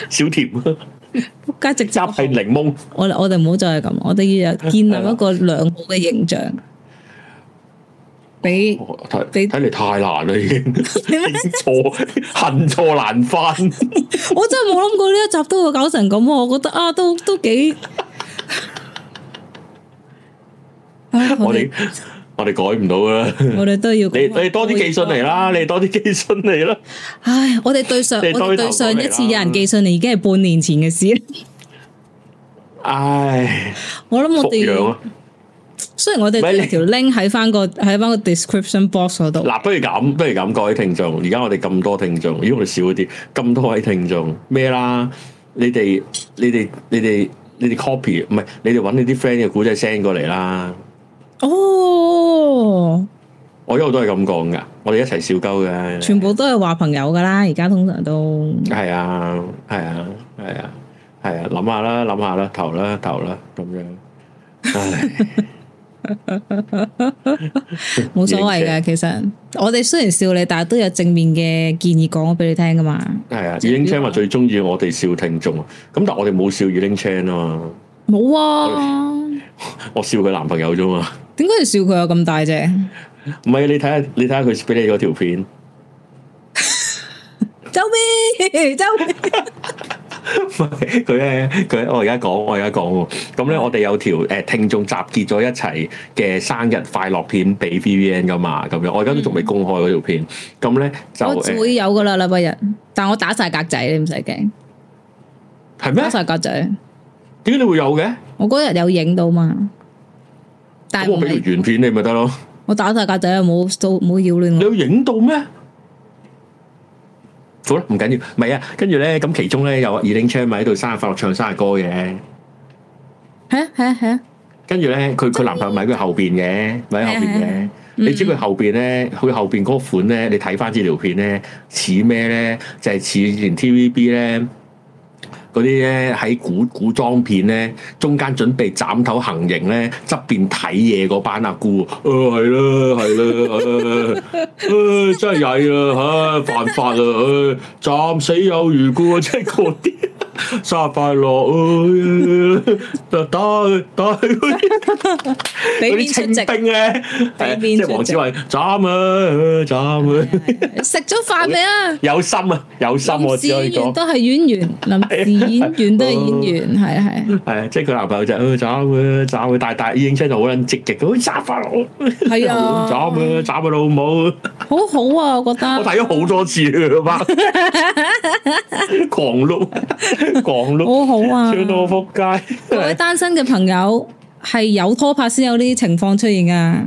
[SPEAKER 2] 小甜。家直集係檸檬。
[SPEAKER 1] 我我哋唔好再係咁，我哋要建立一個良好嘅形象。俾
[SPEAKER 2] 睇你太難啦，已經錯恨錯難翻。
[SPEAKER 1] 我真係冇諗過呢一集都會搞成咁，我覺得啊，都都幾。我哋
[SPEAKER 2] 我哋改唔到啦，我哋都要你你多啲寄信嚟啦，你多啲寄信嚟啦。
[SPEAKER 1] 唉，我哋對上我哋對上一次有人寄信嚟已經係半年前嘅事。
[SPEAKER 2] 唉，我諗我哋雖
[SPEAKER 1] 然我哋條 link 喺翻個喺翻個 description box 嗰度。
[SPEAKER 2] 嗱，不如咁，不如咁，各位聽眾，而家我哋咁多聽眾，如果我哋少啲，咁多位聽眾咩啦？你哋你哋你哋你哋 copy 唔係你哋揾你啲 friend 嘅古仔 send 過嚟啦。
[SPEAKER 1] 哦、oh，
[SPEAKER 2] 我一路都係咁講噶，我哋一齊笑鳩嘅，全
[SPEAKER 1] 部都係話朋友噶啦，而家通常都
[SPEAKER 2] 係啊，係啊，係啊，係啊，諗下啦，諗下啦，投啦，投啦，咁樣，唉、哎，
[SPEAKER 1] 冇 所謂嘅， 其實我哋雖然笑你，但係都有正面嘅建議講俾你聽噶嘛。
[SPEAKER 2] 係啊，Eling Chan 話最中意我哋笑聽眾，咁但係我哋冇笑 Eling Chan 啊
[SPEAKER 1] 嘛，冇
[SPEAKER 2] 啊， 我笑佢男朋友啫嘛。
[SPEAKER 1] 應該係笑佢有咁大隻，
[SPEAKER 2] 唔係，你睇下，你睇下佢俾你嗰條片，
[SPEAKER 1] 周邊周邊。
[SPEAKER 2] 佢 咧， 佢我而家講，我而家講喎。咁咧，我哋有條誒、呃、聽眾集結咗一齊嘅生日快樂片俾 VVN 噶嘛？咁樣、嗯、我而家都仲未公開嗰條片。咁咧就會
[SPEAKER 1] 有噶啦，禮拜日。但係我打晒格仔，你唔使驚。
[SPEAKER 2] 係咩嗎？打晒格仔？點解你會有嘅？
[SPEAKER 1] 我嗰日有影到嘛？我俾
[SPEAKER 2] 條原片你咪得咯，
[SPEAKER 1] 我打晒架仔啊，冇做冇擾亂。你要影到咩？
[SPEAKER 2] 好啦，唔緊要，未啊？跟住咧，咁其中咧有二丁車咪喺度生日快樂唱生日歌嘅，吓吓吓！跟住咧，佢佢男朋友咪喺佢後邊嘅，咪喺後邊嘅。你知佢後邊咧，佢後邊嗰款咧，你睇翻資料片咧似咩咧？就係似連 T V B 咧。嗰啲咧喺古古裝片咧，中間準備斬頭行刑咧，側邊睇嘢嗰班阿姑、呃呃 呃，啊係啦係啦，啊真係曳啊嚇，犯法啊，斬、呃、死有餘辜，啊，即係嗰啲。生日快樂！打打俾
[SPEAKER 1] 啲青兵咧，
[SPEAKER 2] 即係黃子偉斬啊，斬啊！
[SPEAKER 1] 食咗飯未啊？
[SPEAKER 2] 有心啊，有心！演員都
[SPEAKER 1] 係演員，臨時演員都係演員，係啊係
[SPEAKER 2] 啊，係啊！即係佢男朋友就斬佢斬佢，大大影槍就好撚積極，好生日
[SPEAKER 1] 快樂！係啊，斬
[SPEAKER 2] 佢斬佢老母，
[SPEAKER 1] 好好啊！我覺得我睇
[SPEAKER 2] 咗好多次啊，媽！狂碌。講到，好好啊，笑到我扑街。各位單
[SPEAKER 1] 身嘅朋友，係有拖拍先有呢啲情況出現噶，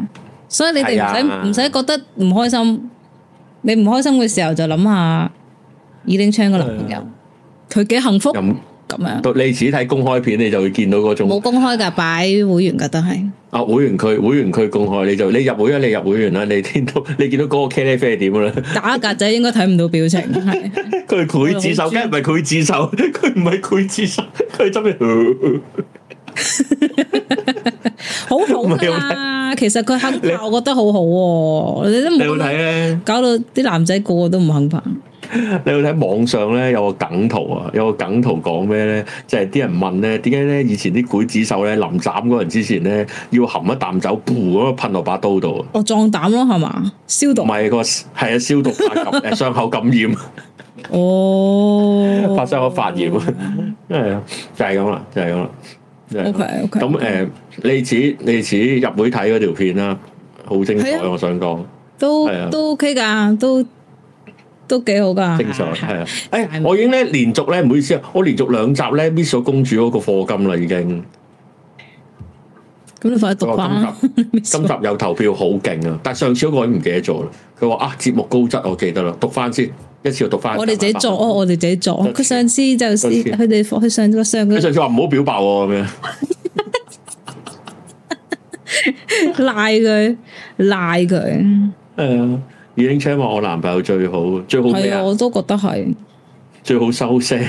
[SPEAKER 1] 所以你哋唔使唔使覺得唔開心。你唔開心嘅時候就諗下耳釘槍嘅男朋友，佢幾幸福。
[SPEAKER 2] 讀你只睇公開片，你就會見到嗰種冇
[SPEAKER 1] 公開噶，擺會員噶都係。
[SPEAKER 2] 啊，會員區，會員區公開，你就你入會啦，你入會員啦，你聽到，你見到嗰個茄喱啡係點啦？A、樣，
[SPEAKER 1] 打格仔應該睇唔到表情，
[SPEAKER 2] 係。 佢自首，梗係唔係佢自首，佢唔係佢自首，佢真係 好啊好啊！
[SPEAKER 1] 其實佢肯拍，我覺得好好。你都唔冇睇咧，搞到啲男仔個個都唔肯拍。
[SPEAKER 2] Vale、ality, 你睇網上咧有個梗圖啊，有個梗圖講咩咧？就係啲人問咧，點解咧以前啲劊子手咧臨斬嗰人之前咧要含一啖酒噗咁噴落把刀度？啊。
[SPEAKER 1] 哦，壯膽咯係嘛，消毒
[SPEAKER 2] 唔係個係啊，消毒傷口感染、嗯、
[SPEAKER 1] 哦，
[SPEAKER 2] 發生咗發炎啊，係啊，就係咁啦，就係咁啦，OK OK、yeah.。咁誒，類似類似入會睇嗰條片啦，好精彩，我想講
[SPEAKER 1] 都都 OK 噶，都。都幾好噶，正
[SPEAKER 2] 常係啊！誒，我已經咧連續咧，唔好意思啊，我連續兩集咧 miss 咗公主嗰個課金啦，已經。
[SPEAKER 1] 咁你快讀翻。
[SPEAKER 2] 今集有投票，好勁啊！但上次嗰個我唔記得咗啦。佢話啊，節目高質，我記得啦。讀翻先，一次又讀翻。我哋自己做，
[SPEAKER 1] 我我哋自己做。佢上次就佢哋放佢上個上個。佢
[SPEAKER 2] 上次話唔好表白我咁
[SPEAKER 1] 樣。賴佢，賴佢。係啊。
[SPEAKER 2] 二零 check 話我男朋友最好，最好邊啊？係啊，我都覺得係最好收聲。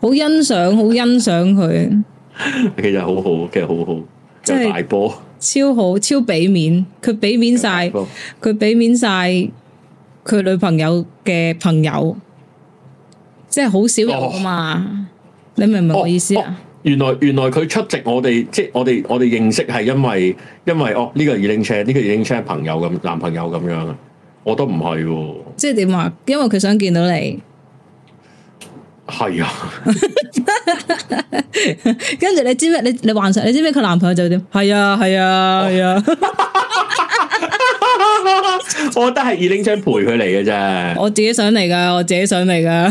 [SPEAKER 1] 好 欣賞，好欣賞佢。
[SPEAKER 2] 其實好好，其實好好，就即是 大波，
[SPEAKER 1] 超好，超俾面。佢俾面晒，佢俾面晒佢女朋友嘅朋友，即係好少人啊嘛？哦、你明唔明我意思啊、哦
[SPEAKER 2] 哦？原來原來佢出席我哋，即、就、係、是、我哋我哋認識係因為因為哦呢、這個二零 check 呢個二零 check 朋友咁男朋友咁樣啊？我覺得唔
[SPEAKER 1] 係，即係點啊？因為佢想見到你，
[SPEAKER 2] 係啊，
[SPEAKER 1] 跟住你知唔知？你你幻想，你知唔知？佢男朋友就點？係啊，係啊，係啊，
[SPEAKER 2] 啊哇 我覺得係二零箱陪佢嚟嘅啫。我
[SPEAKER 1] 自己想嚟噶，我自己想嚟噶，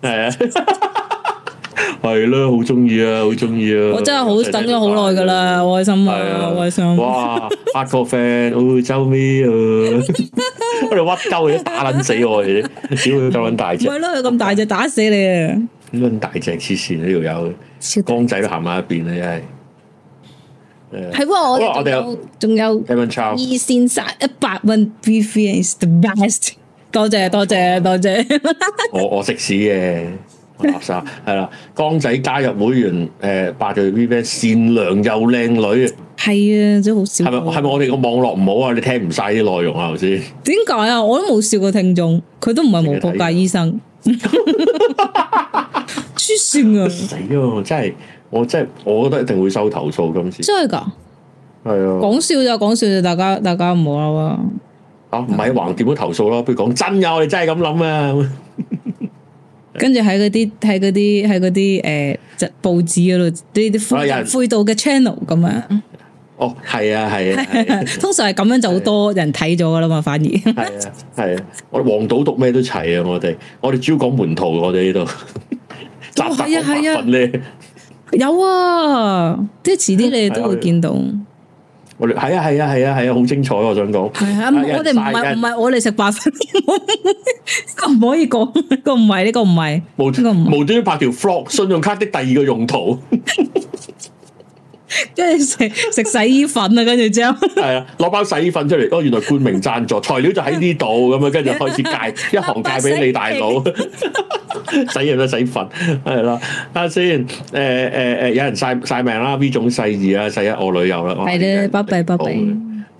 [SPEAKER 2] 係。係咯，好中意啊，好中意啊！我真係好等咗
[SPEAKER 1] 好耐噶啦，開心啊，開心！哇，
[SPEAKER 2] 八個 friend，好周咩啊！我哋屈鳩你打捻死我嘅，屌你都捻大隻！係咯，
[SPEAKER 1] 佢咁大隻打死你
[SPEAKER 2] 啊！捻大隻黐線，呢條友光仔都行埋一邊啦，真係。係喎，我我哋有仲有二
[SPEAKER 1] 線殺一百蚊，B V is the best。多謝多謝多謝。
[SPEAKER 2] 我我食屎嘅。白沙係啦，江、 哦啊、仔加入會員誒，八、呃、對 B B 善良又靚女，係 啊，真好笑。係咪係咪我哋個網絡唔好啊？你聽唔晒啲內容啊？頭先？
[SPEAKER 1] 點解啊？我都冇笑過聽眾，佢都唔係無國界醫生，
[SPEAKER 2] 黐線啊！死啊！真係我真係，我覺得一定會收投訴今次，真係噶，係啊，
[SPEAKER 1] 講笑就講笑咋？大家大家唔好啦！
[SPEAKER 2] 啊，唔係橫掂都投訴咯。不如講真嘅，我哋真係咁諗啊。
[SPEAKER 1] 跟住喺嗰啲喺嗰啲喺嗰啲誒，就報紙嗰度啲啲灰灰度嘅 channel 咁樣！
[SPEAKER 2] 哦，係啊，係啊，通常係
[SPEAKER 1] 咁樣就好多人睇咗噶啦嘛，反而係啊，
[SPEAKER 2] 係啊！我哋黃賭毒咩都齊啊！我哋我哋主要講門徒，我哋呢度，扎扎嘅白粉咧，
[SPEAKER 1] 有啊，即係遲啲你哋都會見到。
[SPEAKER 2] 我係啊係啊係啊係啊，好精彩！我想講，係啊，我哋唔係唔係
[SPEAKER 1] 我哋食白粉， 個唔可以講， 個唔係呢個唔係，
[SPEAKER 2] 無端無端拍條 Vlog 信用卡的第二個用途。
[SPEAKER 1] 跟住食食洗衣粉啊，跟住
[SPEAKER 2] 之後係啊，攞包洗衣粉出嚟。哦，原來冠名贊助材料就喺呢度咁樣，跟住開始戒，一行戒俾你 大佬老 洗潤啦粉， 洗粉係啦。啊，先，誒誒誒，誒，有人晒晒命啦，呢種細二啊，細一我女友啦，係咧對，拜拜，哦，
[SPEAKER 1] 拜拜。來拜拜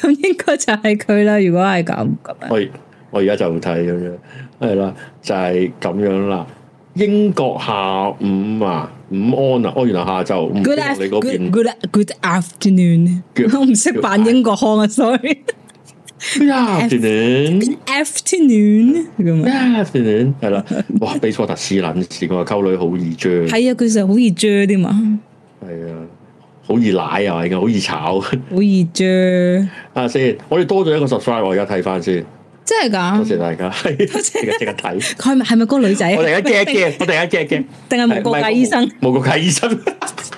[SPEAKER 1] 咁應該就係佢啦，如果係咁咁。
[SPEAKER 2] 我我而家就睇咁樣，係啦，就係、是、咁樣啦。英國下午啊，午安啊，哦，原來下晝。Good, Good, Good,
[SPEAKER 1] Good afternoon，Good, 我唔識扮英國腔啊，Sorry。Good
[SPEAKER 2] afternoon，Good
[SPEAKER 1] afternoon，Good
[SPEAKER 2] afternoon，係 afternoon 啦，哇，貝索特斯卵事，我溝女好易張，係啊，
[SPEAKER 1] 佢就係好易張啲嘛，係啊。
[SPEAKER 2] 好易奶啊！而家好易炒，好易啫。阿四，我哋多咗一個 subscribe，我而家睇翻先。
[SPEAKER 1] 真係噶？多謝
[SPEAKER 2] 大家，多謝、哎、即刻即刻
[SPEAKER 1] 睇。佢係咪嗰個女仔？我哋一間驚驚，
[SPEAKER 2] 我哋一間驚驚。定係冇國界醫生？冇國界醫生。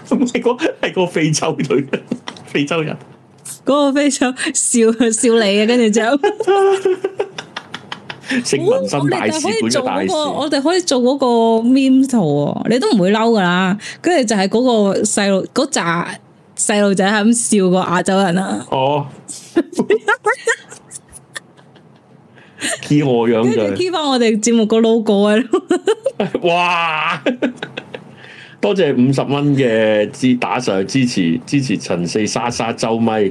[SPEAKER 2] 咁即係個非洲女，非洲人。
[SPEAKER 1] 嗰個非洲笑笑你啊，跟住就。
[SPEAKER 2] 成民生大使，做大使。我哋
[SPEAKER 1] 可以做嗰、那個，個 meme 圖，你都唔會嬲噶啦。跟住就係嗰個細路嗰扎。細路仔係咁笑過亞洲人啦，哦，
[SPEAKER 2] 似我樣，跟住添
[SPEAKER 1] 翻我哋節目個 logo 啊！
[SPEAKER 2] 哇，多謝五十蚊嘅支打上支持，支持陳四沙沙周咪，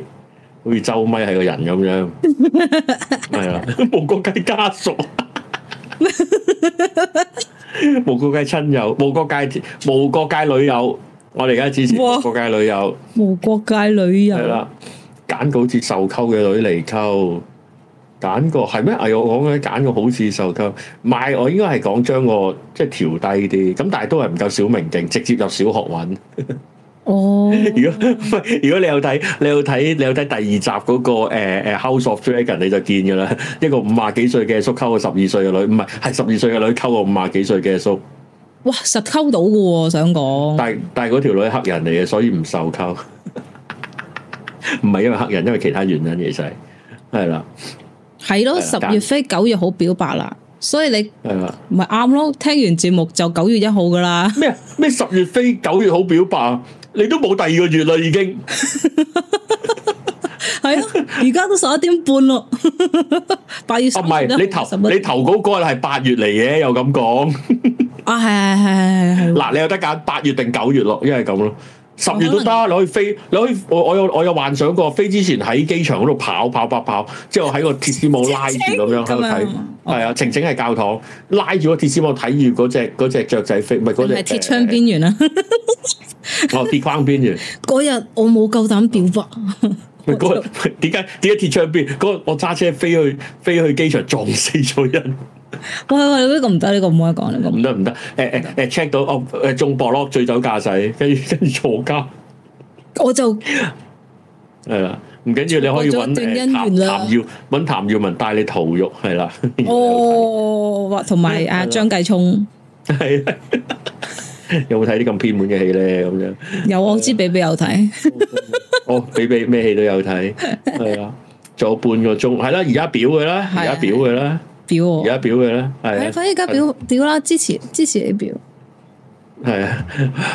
[SPEAKER 2] 好似周咪係個人咁樣，係 啊、哎，無國界家屬， 無國界親友，無國界無國界女友。我哋而家支持國界女友，無國界女友係啦，揀個好似受溝嘅女嚟溝，揀個係咩？哎呀，我講緊，揀個好似受溝，賣我應該係講將個即係調低啲，咁但係都係唔夠小明勁，直接入小學揾哦。如果如果你有睇，你有睇，你有睇第二集嗰個誒誒，House of Dragon，你就見噶啦，一個五廿幾歲嘅叔溝個十二歲嘅女，唔係係十二歲嘅女溝個五廿幾歲嘅叔。
[SPEAKER 1] 實溝到嘅，想講，
[SPEAKER 2] 但係但係嗰條女係黑人嚟嘅，所以唔受溝，唔 係因為黑人，因為其他原因其實係啦，
[SPEAKER 1] 係咯，十月飛九月好表白啦，所以你係啦，唔係啱咯，聽完節目就九月一號噶啦，
[SPEAKER 2] 咩咩十月飛九月好表白，你都冇第二個月啦，已經係啊，而家都十一點半咯，八月唔係你投你投，你投稿嗰日係八月嚟嘅，又咁講。
[SPEAKER 1] 啊，係係
[SPEAKER 2] 係係。嗱、啊，你有得揀八月定九月咯，因為咁咯，十月都得。可你可以飛，你可以我我有我有幻想過，飛之前喺機場嗰度跑跑跑跑，之後喺個鐵絲網拉住咁清樣喺度睇，係啊樣、嗯，晴晴係教堂拉住個鐵絲網睇住嗰隻隻雀仔飛，唔係只係鐵窗邊
[SPEAKER 1] 緣啊？
[SPEAKER 2] 哦，鐵框邊緣。
[SPEAKER 1] 嗰日 我冇夠膽表白。
[SPEAKER 2] 嗰日點解點解鐵窗邊？嗰 我揸車飛去車飛去機場撞死咗人。
[SPEAKER 1] 喂喂，呢個唔得，呢個唔可以講，呢個
[SPEAKER 2] 唔得唔得。誒誒 check 到我誒中博 lock 醉酒駕駛，跟住跟住坐監。
[SPEAKER 1] 我就係
[SPEAKER 2] 啦，唔緊要，你可以揾誒譚譚耀，揾譚耀文帶你逃獄係啦。
[SPEAKER 1] 哦，同埋阿張繼聰，
[SPEAKER 2] 係有冇睇啲咁偏門嘅戲咧？咁樣
[SPEAKER 1] 有，我知比比有睇。
[SPEAKER 2] 哦，比比咩戲都有睇，係啊，仲有半個鐘係啦，而家表佢啦，而家表佢啦。表而家表嘅咧，係、啊，反正而家表、
[SPEAKER 1] 啊、表啦，支持支持你表，
[SPEAKER 2] 係啊，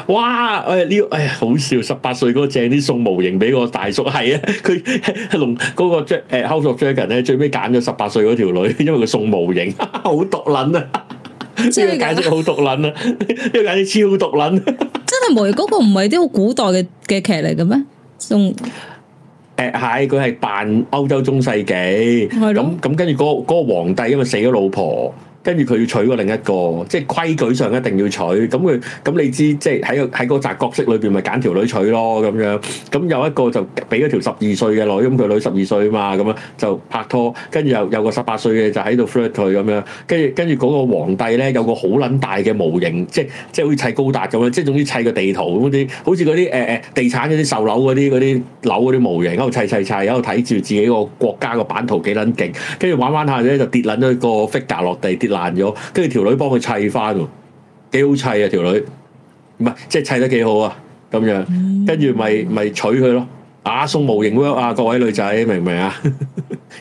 [SPEAKER 2] 哇，誒、哎、呢、這個，哎呀，好笑，十八歲嗰個正啲送模型俾個大叔，係啊，佢龍嗰個 Jack 誒，Howson Dragon 咧， 最尾揀咗十八歲嗰條女，因為佢送模型好毒撚啊，即 個簡直好毒撚啊，呢、這個簡直超毒撚、啊， 真係模
[SPEAKER 1] 嗰個唔係啲好古代嘅嘅劇嚟嘅咩，送。
[SPEAKER 2] 誒係，佢係、哎、扮歐洲中世紀，咁咁跟住嗰嗰個皇帝，因為死咗老婆。跟住佢要娶個另一個，即係規矩上一定要娶。咁佢咁你知，即係喺喺個宅角色裏邊咪揀條女娶咯咁樣。咁有一個就俾咗條十二歲嘅女，咁佢女十二歲嘛，咁樣就拍拖。跟住又有個十八歲嘅就喺度 flirt 佢咁樣。跟住跟住嗰個皇帝咧，有個好撚大嘅模型，即係即係好似砌高達咁樣，即係總之砌個地圖嗰啲，好似嗰啲誒誒地產嗰啲售樓嗰啲嗰啲樓嗰啲模型，喺度砌砌砌，喺度睇住自己個國家個版圖幾撚勁。跟住玩玩下咧，就跌撚咗個 figure 落地跌爛咗，跟住條女幫佢砌返喎，幾好砌啊條女，唔係，即係砌得幾好啊，咁樣跟住咪咪娶佢咯。啊送模型喎，啊各位女仔明唔明啊？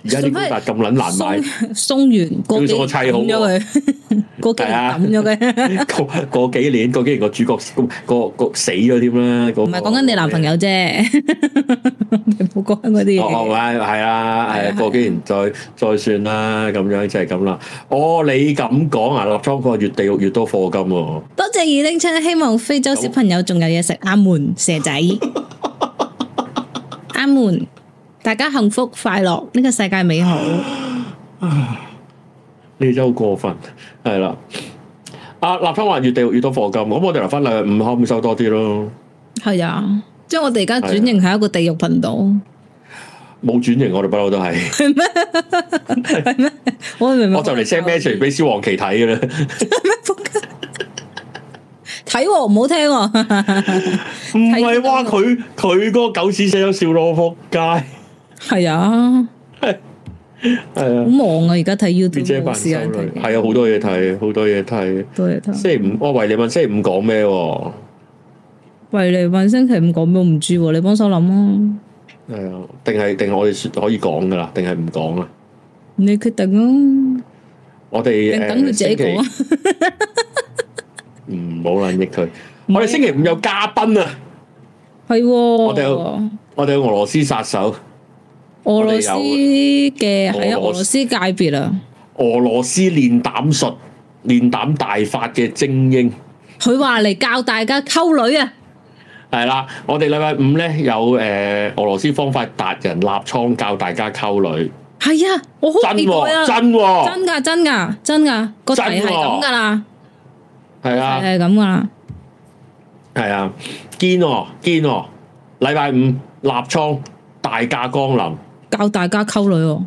[SPEAKER 2] 而家啲古法咁撚難買，
[SPEAKER 1] 送完過幾，送咗佢，係啊，
[SPEAKER 2] 咁樣嘅。過過幾年，過幾年個主角個個死咗添啦。唔係講緊你男朋友啫，唔好講嗰啲。哦，係係啊，係過幾年再再算啦，咁樣就係咁啦。哦，你咁講啊，落倉庫，越地獄越多課金。
[SPEAKER 1] 多謝二拎出，希望非洲小朋友仲有嘢食。阿門蛇仔。們，大家幸福快樂，呢、這個世界美好。呢
[SPEAKER 2] 真係好過分，係啦。阿、啊、立生話越地獄越多課金，咁我哋留翻嚟唔可唔收多啲咯。
[SPEAKER 1] 係啊，即係我哋而家轉型係一個地獄頻道，
[SPEAKER 2] 冇轉、啊、型我哋不嬲都係。係咩？我明我就嚟 send 咩出嚟俾小黃旗睇嘅啦。
[SPEAKER 1] 睇唔、哦、好聽、哦，
[SPEAKER 2] 唔係話佢佢個狗屎仔有笑我，我仆街。係啊，係 啊，好
[SPEAKER 1] 忙 啊！而家睇 YouTube，
[SPEAKER 2] 係有好多嘢睇，好多嘢睇，多嘢睇。星期五，我維你問星期五講咩？
[SPEAKER 1] 維你問星期五講咩？我唔知，你幫手諗咯。係啊、哎，
[SPEAKER 2] 定係定係我哋可以講噶啦，定係唔講啊？
[SPEAKER 1] 你決定咯、
[SPEAKER 2] 啊。我哋等佢自己講。 唔好亂益佢。我哋星期五有嘉賓啊，
[SPEAKER 1] 係我哋有
[SPEAKER 2] 我哋有俄羅斯殺手，
[SPEAKER 1] 俄羅斯嘅，係啊俄羅斯界別啊，
[SPEAKER 2] 俄羅斯練膽術練膽大法嘅精英。
[SPEAKER 1] 佢話嚟，教大家溝女啊。
[SPEAKER 2] 係啦，我哋禮拜五咧有誒俄羅斯方法達人立倉教大家溝女。
[SPEAKER 1] 係啊，我好真喎，真喎，真噶，真噶，真噶，個題係咁噶啦。係啊，係咁噶
[SPEAKER 2] 啦。係啊，堅哦，堅哦，禮拜五立倉大駕光臨，
[SPEAKER 1] 教大家溝女哦，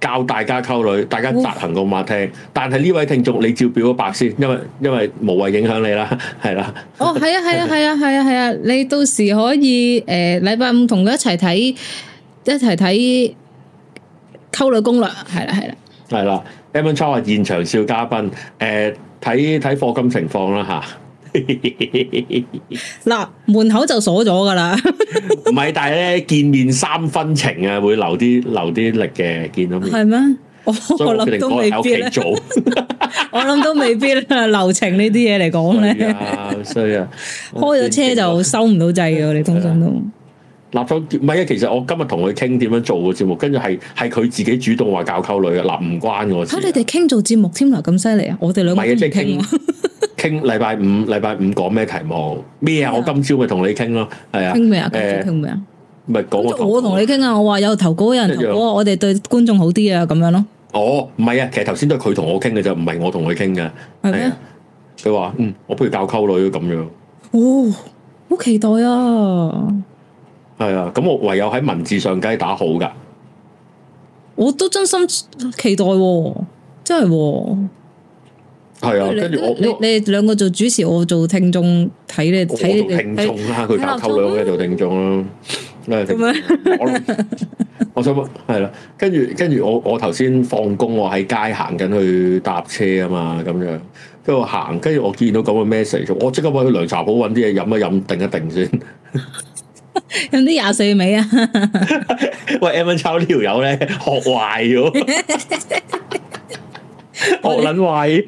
[SPEAKER 2] 教大家溝女，大家踏行個馬廳。但係呢位聽眾，你照表咗白先，因為因為無謂影響你啦，係啦。
[SPEAKER 1] 哦，係啊，係啊，係啊，係啊，係啊，你到時可以誒，禮拜五同佢一齊睇，一齊睇溝女攻略，係啦，係啦，
[SPEAKER 2] 係啦，Emma Chau 現場笑嘉賓，誒。睇睇貨金情況啦吓，嗱
[SPEAKER 1] 門口就鎖咗噶啦，
[SPEAKER 2] 唔係但係咧，見面三分情啊，會留啲留啲力嘅，見到面係咩？
[SPEAKER 1] 我以我諗都想未必咧，我諗都未必啊，留情呢啲嘢嚟講咧，好
[SPEAKER 2] 衰啊！開
[SPEAKER 1] 咗車就收唔到掣嘅，你通通都。嗯
[SPEAKER 2] 立咗唔係啊，其實我今日同佢傾點樣做個節目，跟住係係佢自己主動話教溝女嘅，嗱唔關我事。你
[SPEAKER 1] 哋傾做節目添嗱，咁犀利啊！我哋兩個唔係啊，即係傾
[SPEAKER 2] 傾禮拜五禮拜五講咩題目咩啊？我今朝咪同你傾咯，係啊。傾咩啊？今朝傾咩啊？唔係講個頭，我
[SPEAKER 1] 同你傾啊！我話有投稿有人投稿，的我我哋對觀眾好啲啊，咁樣咯。
[SPEAKER 2] 哦，唔係啊，其實頭先都係佢同我傾嘅就唔係我同佢傾嘅。係啊的，佢話嗯，我不如教溝女咁樣。
[SPEAKER 1] 哦，好期待啊！
[SPEAKER 2] 係啊，咁我唯有喺文字上梗係打好噶。
[SPEAKER 1] 我都真心期待喎，真
[SPEAKER 2] 係。係啊，跟住我你
[SPEAKER 1] 你兩個做主持，我做聽眾睇你睇你。聽眾啦，佢架溝女嘅做
[SPEAKER 2] 聽眾啦。咁我想係啦。跟住跟住，我我頭先放工，我喺街行緊去搭車啊嘛，咁樣。跟住我行，跟住我見到咁嘅 message，我即刻去涼茶鋪揾啲嘢飲一飲，定一定先。
[SPEAKER 1] 用啲廿四味啊！
[SPEAKER 2] 喂 m a r 抄呢條友咧學壞咗，學捻壞，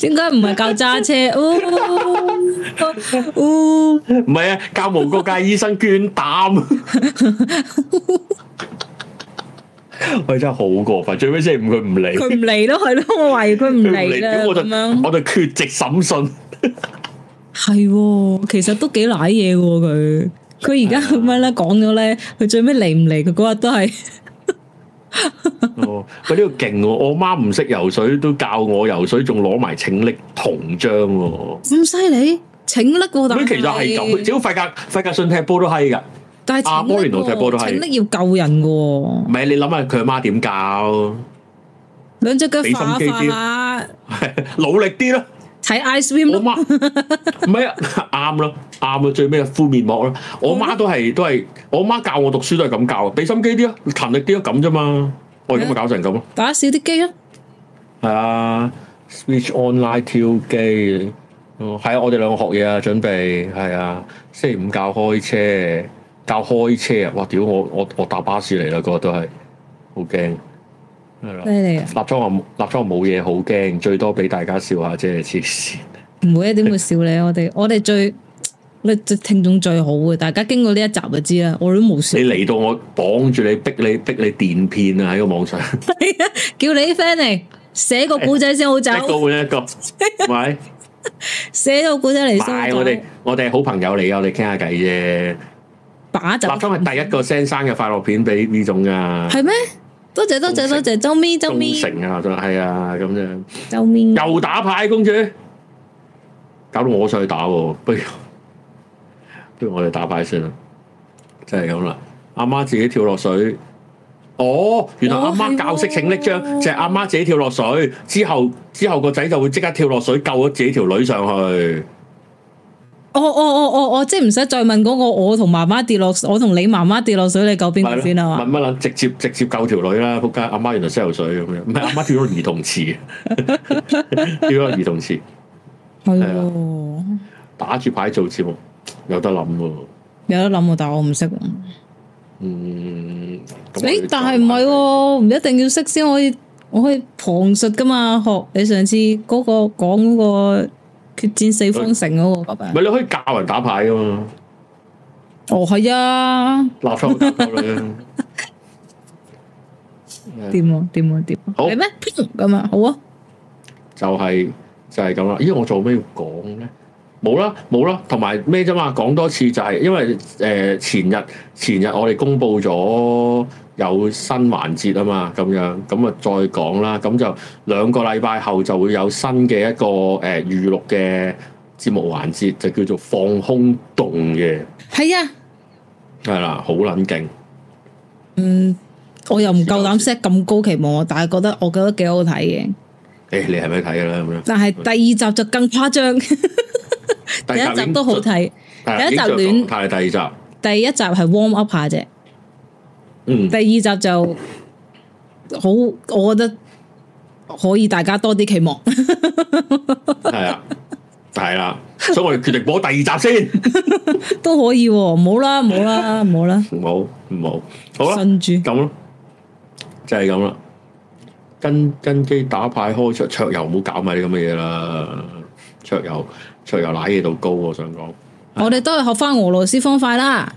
[SPEAKER 1] 應該唔係教揸車，唔、
[SPEAKER 2] 哦、係、哦哦、啊，教無國界醫生捐膽， 喂，真係好過分，最尾四五佢唔嚟，佢唔嚟都係咯，我懷
[SPEAKER 1] 疑佢唔嚟啦，理樣我
[SPEAKER 2] 就我就缺席審訊。
[SPEAKER 1] 係，其實都幾瀨嘢佢，佢而家咁樣咧，講咗咧，佢最尾嚟唔嚟？佢嗰日都係
[SPEAKER 2] 哦，佢、這、呢個勁，我阿媽唔識游水都教我游水，仲攞埋拯溺銅章，咁犀利，拯溺個、啊、但係其實係咁，只要費格費格遜踢波都係噶，但係阿、啊啊、波原來踢波都係，拯溺
[SPEAKER 1] 要救人噶，唔
[SPEAKER 2] 係你諗下佢阿媽點教，
[SPEAKER 1] 兩隻腳發下
[SPEAKER 2] 努力啲啦、啊。喺 Ice Cream，唔係啊，啱咯， 啱啊，最屘敷面膜啦，我媽都係都係，我媽教我讀書都係咁教，俾心機啲啊，勤力啲啊咁啫嘛，我咁咪搞成咁咯，打少啲機啊，係啊，Switch Online 跳機，係、嗯、啊，我哋兩個學嘢啊，準備係啊，星期五教開車，教開車啊，哇，屌我我我搭巴士嚟啦，今日都係好驚。犀利啊！立裝我立裝冇嘢好驚，最多俾大家笑下啫，黐線！
[SPEAKER 1] 唔會啊，點會笑你啊？我哋我哋最你聽眾最好嘅，大家經過呢一集就知啦。我都冇
[SPEAKER 2] 笑你嚟到，我綁住你，逼你逼你電片啊！喺個網上，
[SPEAKER 1] 叫你 Fanny 嚟寫個古仔先好走，一個
[SPEAKER 2] 換一個。喂， 寫個古仔嚟，唔係我哋我哋係好朋友嚟啊！我哋傾下偈啫。立裝係第一個先生 s 生嘅快樂片俾呢種噶，係
[SPEAKER 1] 咩？多謝多謝成多謝周咪，周咪，
[SPEAKER 2] 成忠誠啊，真係啊，咁樣周咪、啊、又打牌公主，搞到我上去打喎、啊，不如不如我哋打牌先啦，就係咁啦。阿媽自己跳落水，哦，原來阿媽教識請呢張，就係阿媽自己跳落水之後，之後個仔就會即刻跳落水救咗自己條女上去。
[SPEAKER 1] 我我我我我即係唔使再問嗰個，我同媽媽跌落我同你媽媽跌落水，你救邊個先啊？問
[SPEAKER 2] 乜啦？直接直接救條女啦！仆街阿媽原來識游水咁樣，唔係阿媽跳咗兒童池， 跳咗兒童池，係啊！打住牌做節目，有得諗喎，
[SPEAKER 1] 有得諗啊！但係我唔識，嗯，
[SPEAKER 2] 誒，但
[SPEAKER 1] 係唔係，唔一定要識先，可以，我可以旁述㗎嘛？學你上次嗰個講嗰個。決戰四方城嗰
[SPEAKER 2] 個，唔係你可以教人打牌噶嘛？哦，
[SPEAKER 1] 係啊，立秋立秋咧，點、 嗯、啊點啊點，係咩咁啊好？ 好啊，
[SPEAKER 2] 就係、是、就係咁啦。咦，我做咩要講咧？冇啦冇啦，同埋咩啫嘛？講多次就係、是、因為誒、呃、前日前日我哋公布咗。有新環節啊嘛，咁樣咁啊再講啦，咁就兩個禮拜後就會有新嘅一個誒預錄嘅節目環節，就叫做放空洞嘅。係啊，係啦，好冷靜。嗯，
[SPEAKER 1] 我又唔夠膽 set 咁高期望，但係覺得我覺得幾好睇嘅。
[SPEAKER 2] 誒，你係咪睇噶啦？但係第
[SPEAKER 1] 二集就更誇張，
[SPEAKER 2] 第一集都好睇，第一集亂，係第二集，
[SPEAKER 1] 第一集係 warm up 下啫。第二集就好，我覺得可以大家多啲期望。
[SPEAKER 2] 係啊，係啦，所以我哋決定播第二集先，
[SPEAKER 1] 都可以、哦。唔好啦，唔好啦，
[SPEAKER 2] 唔好啦，唔好唔好，好啦。咁著就係、是、咁啦，跟跟機打牌、開桌桌遊，唔好搞埋啲咁嘅嘢啦。桌遊桌遊奶嘢度高、啊，我想講，
[SPEAKER 1] 我哋都係學翻俄羅斯方塊啦。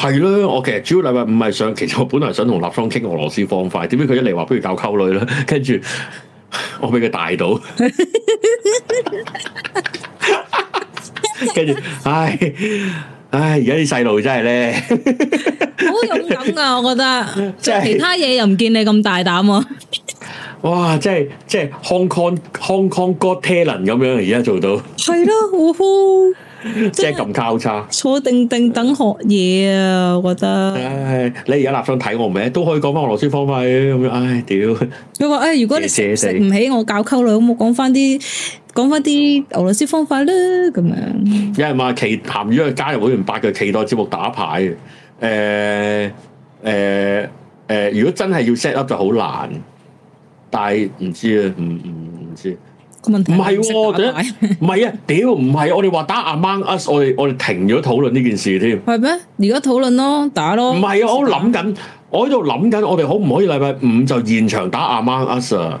[SPEAKER 2] 係啦，我其實主要禮拜五係想，其實我本來想同立方傾俄羅斯方塊，點解佢一嚟話不如搞溝女啦，跟住我俾佢大到，跟住， 唉唉，而家啲細路真係咧，好
[SPEAKER 1] 勇敢噶，我覺得，即係、就是、其他嘢又唔見你咁大膽喎、
[SPEAKER 2] 啊。 哇，即係即係 Hong Kong Hong Kong Got Talent 咁樣而家做到，係啦。 即係咁交叉，坐定定等學嘢啊！我覺得，唉，你而家立心睇我咩？都可以講翻俄羅斯方法嘅咁樣，唉屌！佢話唉，如果你食唔
[SPEAKER 1] 起我教溝女，咁我講翻啲講翻啲俄羅斯方法啦，咁
[SPEAKER 2] 樣。因人嘛，期咸魚去加入會員八嘅期待節目打牌嘅，誒誒誒，如果真係要 set up 就好難，但係唔知啊，唔唔唔知。
[SPEAKER 1] 唔係，第一
[SPEAKER 2] 唔係啊，屌唔係，我哋話打 Among Us，我哋我哋停咗討論呢件事添。係咩、 啊？而家討論咯，打咯。唔係、啊、我喺度諗緊， 我喺度諗緊，我哋可唔可以禮拜五就現場打 Among Us？、啊、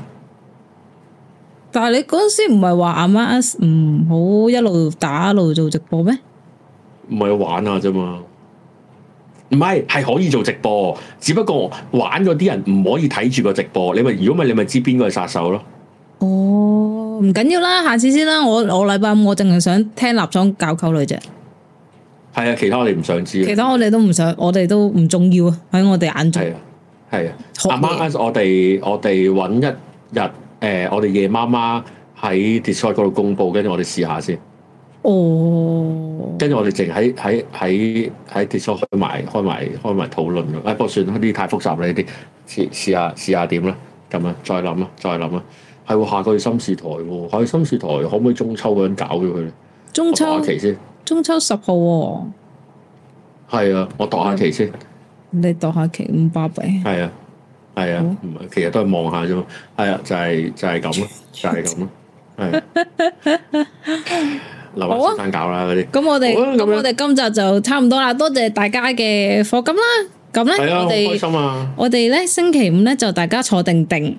[SPEAKER 1] 但係你嗰陣時唔係話 Among Us 唔好一路打一路做直播咩？
[SPEAKER 2] 唔係、啊、玩下啫嘛，唔係係可以做直播，只不過玩嗰啲人唔可以睇住個直播，你咪如果咪你咪知邊個係殺手咯。哦。Oh.
[SPEAKER 1] 唔緊要啦，下次先啦。我我禮拜五我淨係想聽立莊教溝女啫。
[SPEAKER 2] 係啊，其他我哋唔想知。其
[SPEAKER 1] 他我哋都唔想，我哋都唔重要喺我哋眼中。
[SPEAKER 2] 係啊，係啊。啱啱怕，我哋我哋搵一日誒，我哋、呃、夜媽媽喺 Discord 嗰度公布，跟住我哋試下先。哦、oh。跟住我哋淨喺喺喺喺 Discord 開埋開埋開埋討論咯。哎，不過算啦，呢啲太複雜啦，呢啲。試試下試下點啦，咁啊，再諗啦，再諗啦。係會下個月深視台喎，喺深視台可唔可以中秋嗰陣搞咗佢咧？
[SPEAKER 1] 中秋期先，中秋十號喎。
[SPEAKER 2] 係啊，我度下期先。
[SPEAKER 1] 你度下期五巴閉。
[SPEAKER 2] 係啊，係啊，唔係其實都係望下啫嘛。係啊，就係就係咁咯，就係咁咯。係留阿先生搞啦嗰啲。咁我
[SPEAKER 1] 哋咁我哋今集就差唔多啦，多謝大家嘅課金啦。咁咧，我哋開心啊！我哋咧星期五咧就大家坐定定，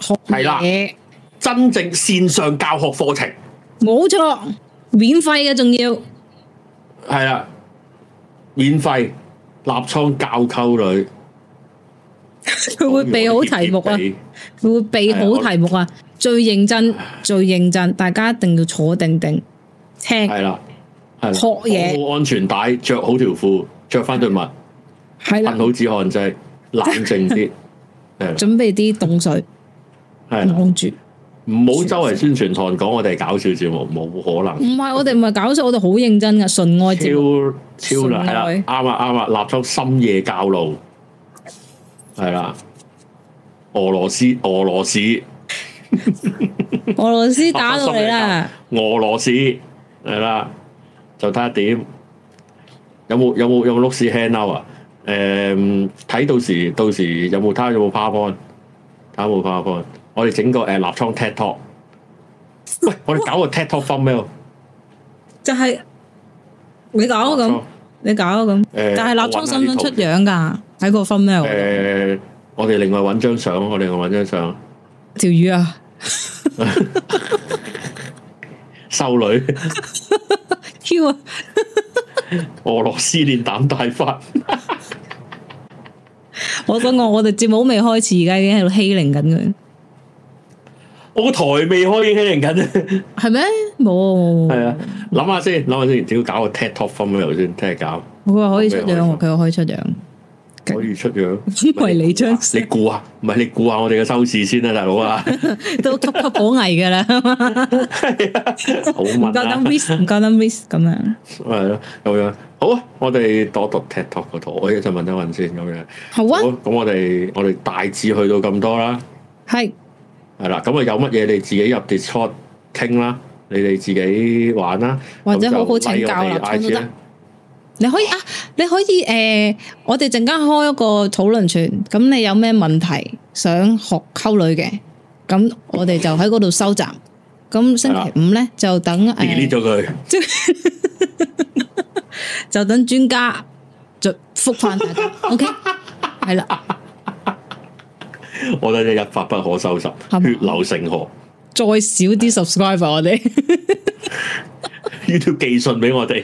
[SPEAKER 2] 學嘢，真正線上教學課程，
[SPEAKER 1] 冇錯，免費嘅仲要
[SPEAKER 2] 係啦，免費立倉教溝女，
[SPEAKER 1] 佢會備好題目啊，佢會備好題目啊，最認真，最認真，大家一定要坐定定聽，
[SPEAKER 2] 係啦，學嘢，安全帶着好條褲，着翻對襪，係啦，噴好止汗劑，冷靜啲，誒 啦，準備啲凍水。係啦，唔好周圍宣傳台講我哋係搞笑節目，冇可能。
[SPEAKER 1] 唔係、嗯，我哋唔係搞笑，我哋好認真噶，純愛節目
[SPEAKER 2] 超超係啦，啱啊啱啊，立足深夜教路，係啦，俄羅斯俄羅斯
[SPEAKER 1] 俄羅斯打到你啦，
[SPEAKER 2] 俄羅斯係啦，就睇下點，有冇有冇有冇碌視 channel 啊？誒，睇到時到時有冇睇下有冇 powerpoint，睇有冇 powerpoint。我哋整個誒，立、呃、倉 tattoo 喂！我哋搞個 tattoo female
[SPEAKER 1] 就係你搞咁，你搞咁。誒昶，但係立倉想唔想出樣噶？
[SPEAKER 2] 睇個 female 誒，我哋、呃、另外搵張相，我哋另外搵張相。
[SPEAKER 1] 條魚啊！
[SPEAKER 2] 修女。
[SPEAKER 1] Q 啊！
[SPEAKER 2] 俄羅斯練膽大法 。
[SPEAKER 1] 我想講，我哋節目未開始，而家已經喺度欺凌緊佢。
[SPEAKER 2] 我台未開，經營緊咧，
[SPEAKER 1] 係咩？冇，係啊，諗
[SPEAKER 2] 下先，諗下先，只要搞個 table phone 先，聽日搞。
[SPEAKER 1] 我話可以出樣，佢話可以出樣，
[SPEAKER 2] 可以出樣。因為你張，你估啊？唔係，你估下我哋嘅收視，先啦，大佬啊，
[SPEAKER 1] 都岌岌可危噶啦，唔夠膽 miss，唔夠膽 miss 咁樣。
[SPEAKER 2] 係咯，咁樣好啊！我哋度度 table 個台，就問一問先，咁樣好啊？咁我哋我哋大致去到咁多啦，係。係啦，咁啊有乜嘢你自己入 Discord 傾啦，你哋自己玩啦，或者好好請教啦，都得。
[SPEAKER 1] 你可以啊，你可以誒，我哋陣間開一個討論串，咁你有咩問題想學溝女嘅，咁我哋就喺嗰度收集。咁星期五咧就等 delete 咗佢，就等專家做復翻大家。OK，係啦。
[SPEAKER 2] 我覺得一發不可收拾，血流成河。
[SPEAKER 1] 再少啲 subscriber、啊、我哋
[SPEAKER 2] YouTube 寄信俾我哋。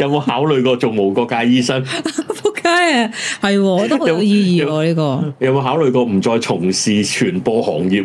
[SPEAKER 2] 有冇考慮過做無國界醫生？
[SPEAKER 1] 扑街啊，係、哦，都好有意
[SPEAKER 2] 義喎呢個。有冇了考慮過唔再從事傳播行業？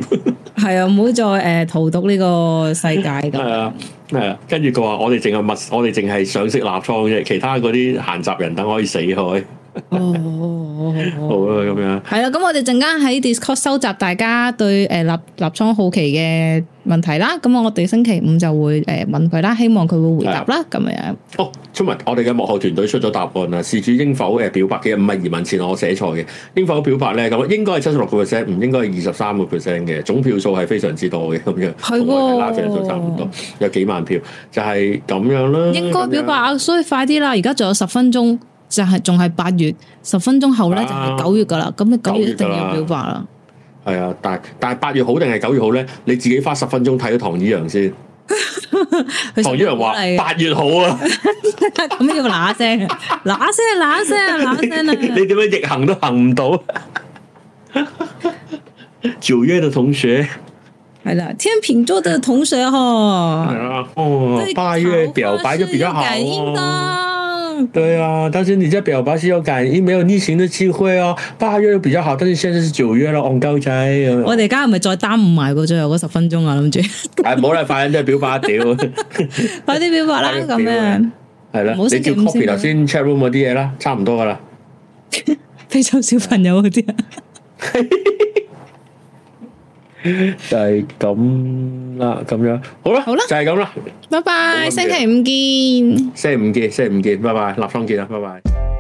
[SPEAKER 1] 係、嗯、啊，唔好再誒、呃、荼毒呢個世界咁。係啊，係啊，啊。
[SPEAKER 2] 跟住佢話：我哋淨係物，我哋淨係上識立倉啫。其他嗰啲閒雜人等可以死開。哦， 好啊，咁樣係
[SPEAKER 1] 啦，咁 我哋陣間喺 Discord 收集大家對誒、呃、立立倉好奇嘅問題啦，咁我哋星期五就會誒、呃、問佢啦，希望佢會回答啦，咁的樣。哦，
[SPEAKER 2] 春文，我哋嘅幕後團隊出咗答案啦，事主應否誒表白嘅？唔係移民前我寫錯嘅，應否表白咧？咁應該係七十六個 percent，唔應該係二十三個 percent 嘅，總票數係非常之多嘅，咁樣係拉的票數差唔多，有幾萬票，就係、是、咁樣啦。應該表白
[SPEAKER 1] 啊，所以快啲啦，而家仲有十分鐘。就係仲係八月，十分鐘後咧就係九月噶啦，咁你九月一定要表白啦。
[SPEAKER 2] 係啊，但係但係八月好定係九月好咧？你自己花十分鐘睇咗唐以陽先。 不不不不唐以陽話八月好
[SPEAKER 1] 啊，咁要嗱聲，嗱一聲，嗱一聲，嗱一聲。你
[SPEAKER 2] 點樣逆行都行唔到。九 月的同學
[SPEAKER 1] 係啦， 天秤座的同學嗬，
[SPEAKER 2] 啊，哦，八以、哦、月表白就作比較好、啊。 啊 對啊，但是你在表白是有感應，一沒有逆行的機會哦。八月比較好，但是現在是九月咯，戇、嗯、鳩仔。嗯、我哋
[SPEAKER 1] 而家係咪再耽誤埋個最後嗰十分鐘啊？諗住，誒 、
[SPEAKER 2] 哎，唔好嚟快，真係表白一屌，
[SPEAKER 1] 快啲 表白啦！咁樣
[SPEAKER 2] 係啦，你叫 copy 頭先 chat room 嗰啲嘢啦，差唔多㗎喇。
[SPEAKER 1] 非洲 小朋友嗰啲啊。
[SPEAKER 2] 就係咁啦，咁樣好啦，好啦，就係咁啦，
[SPEAKER 1] 拜拜，bye bye, 星期五見，星期五
[SPEAKER 2] 見，星期五見，拜拜，立倉見啦，拜拜。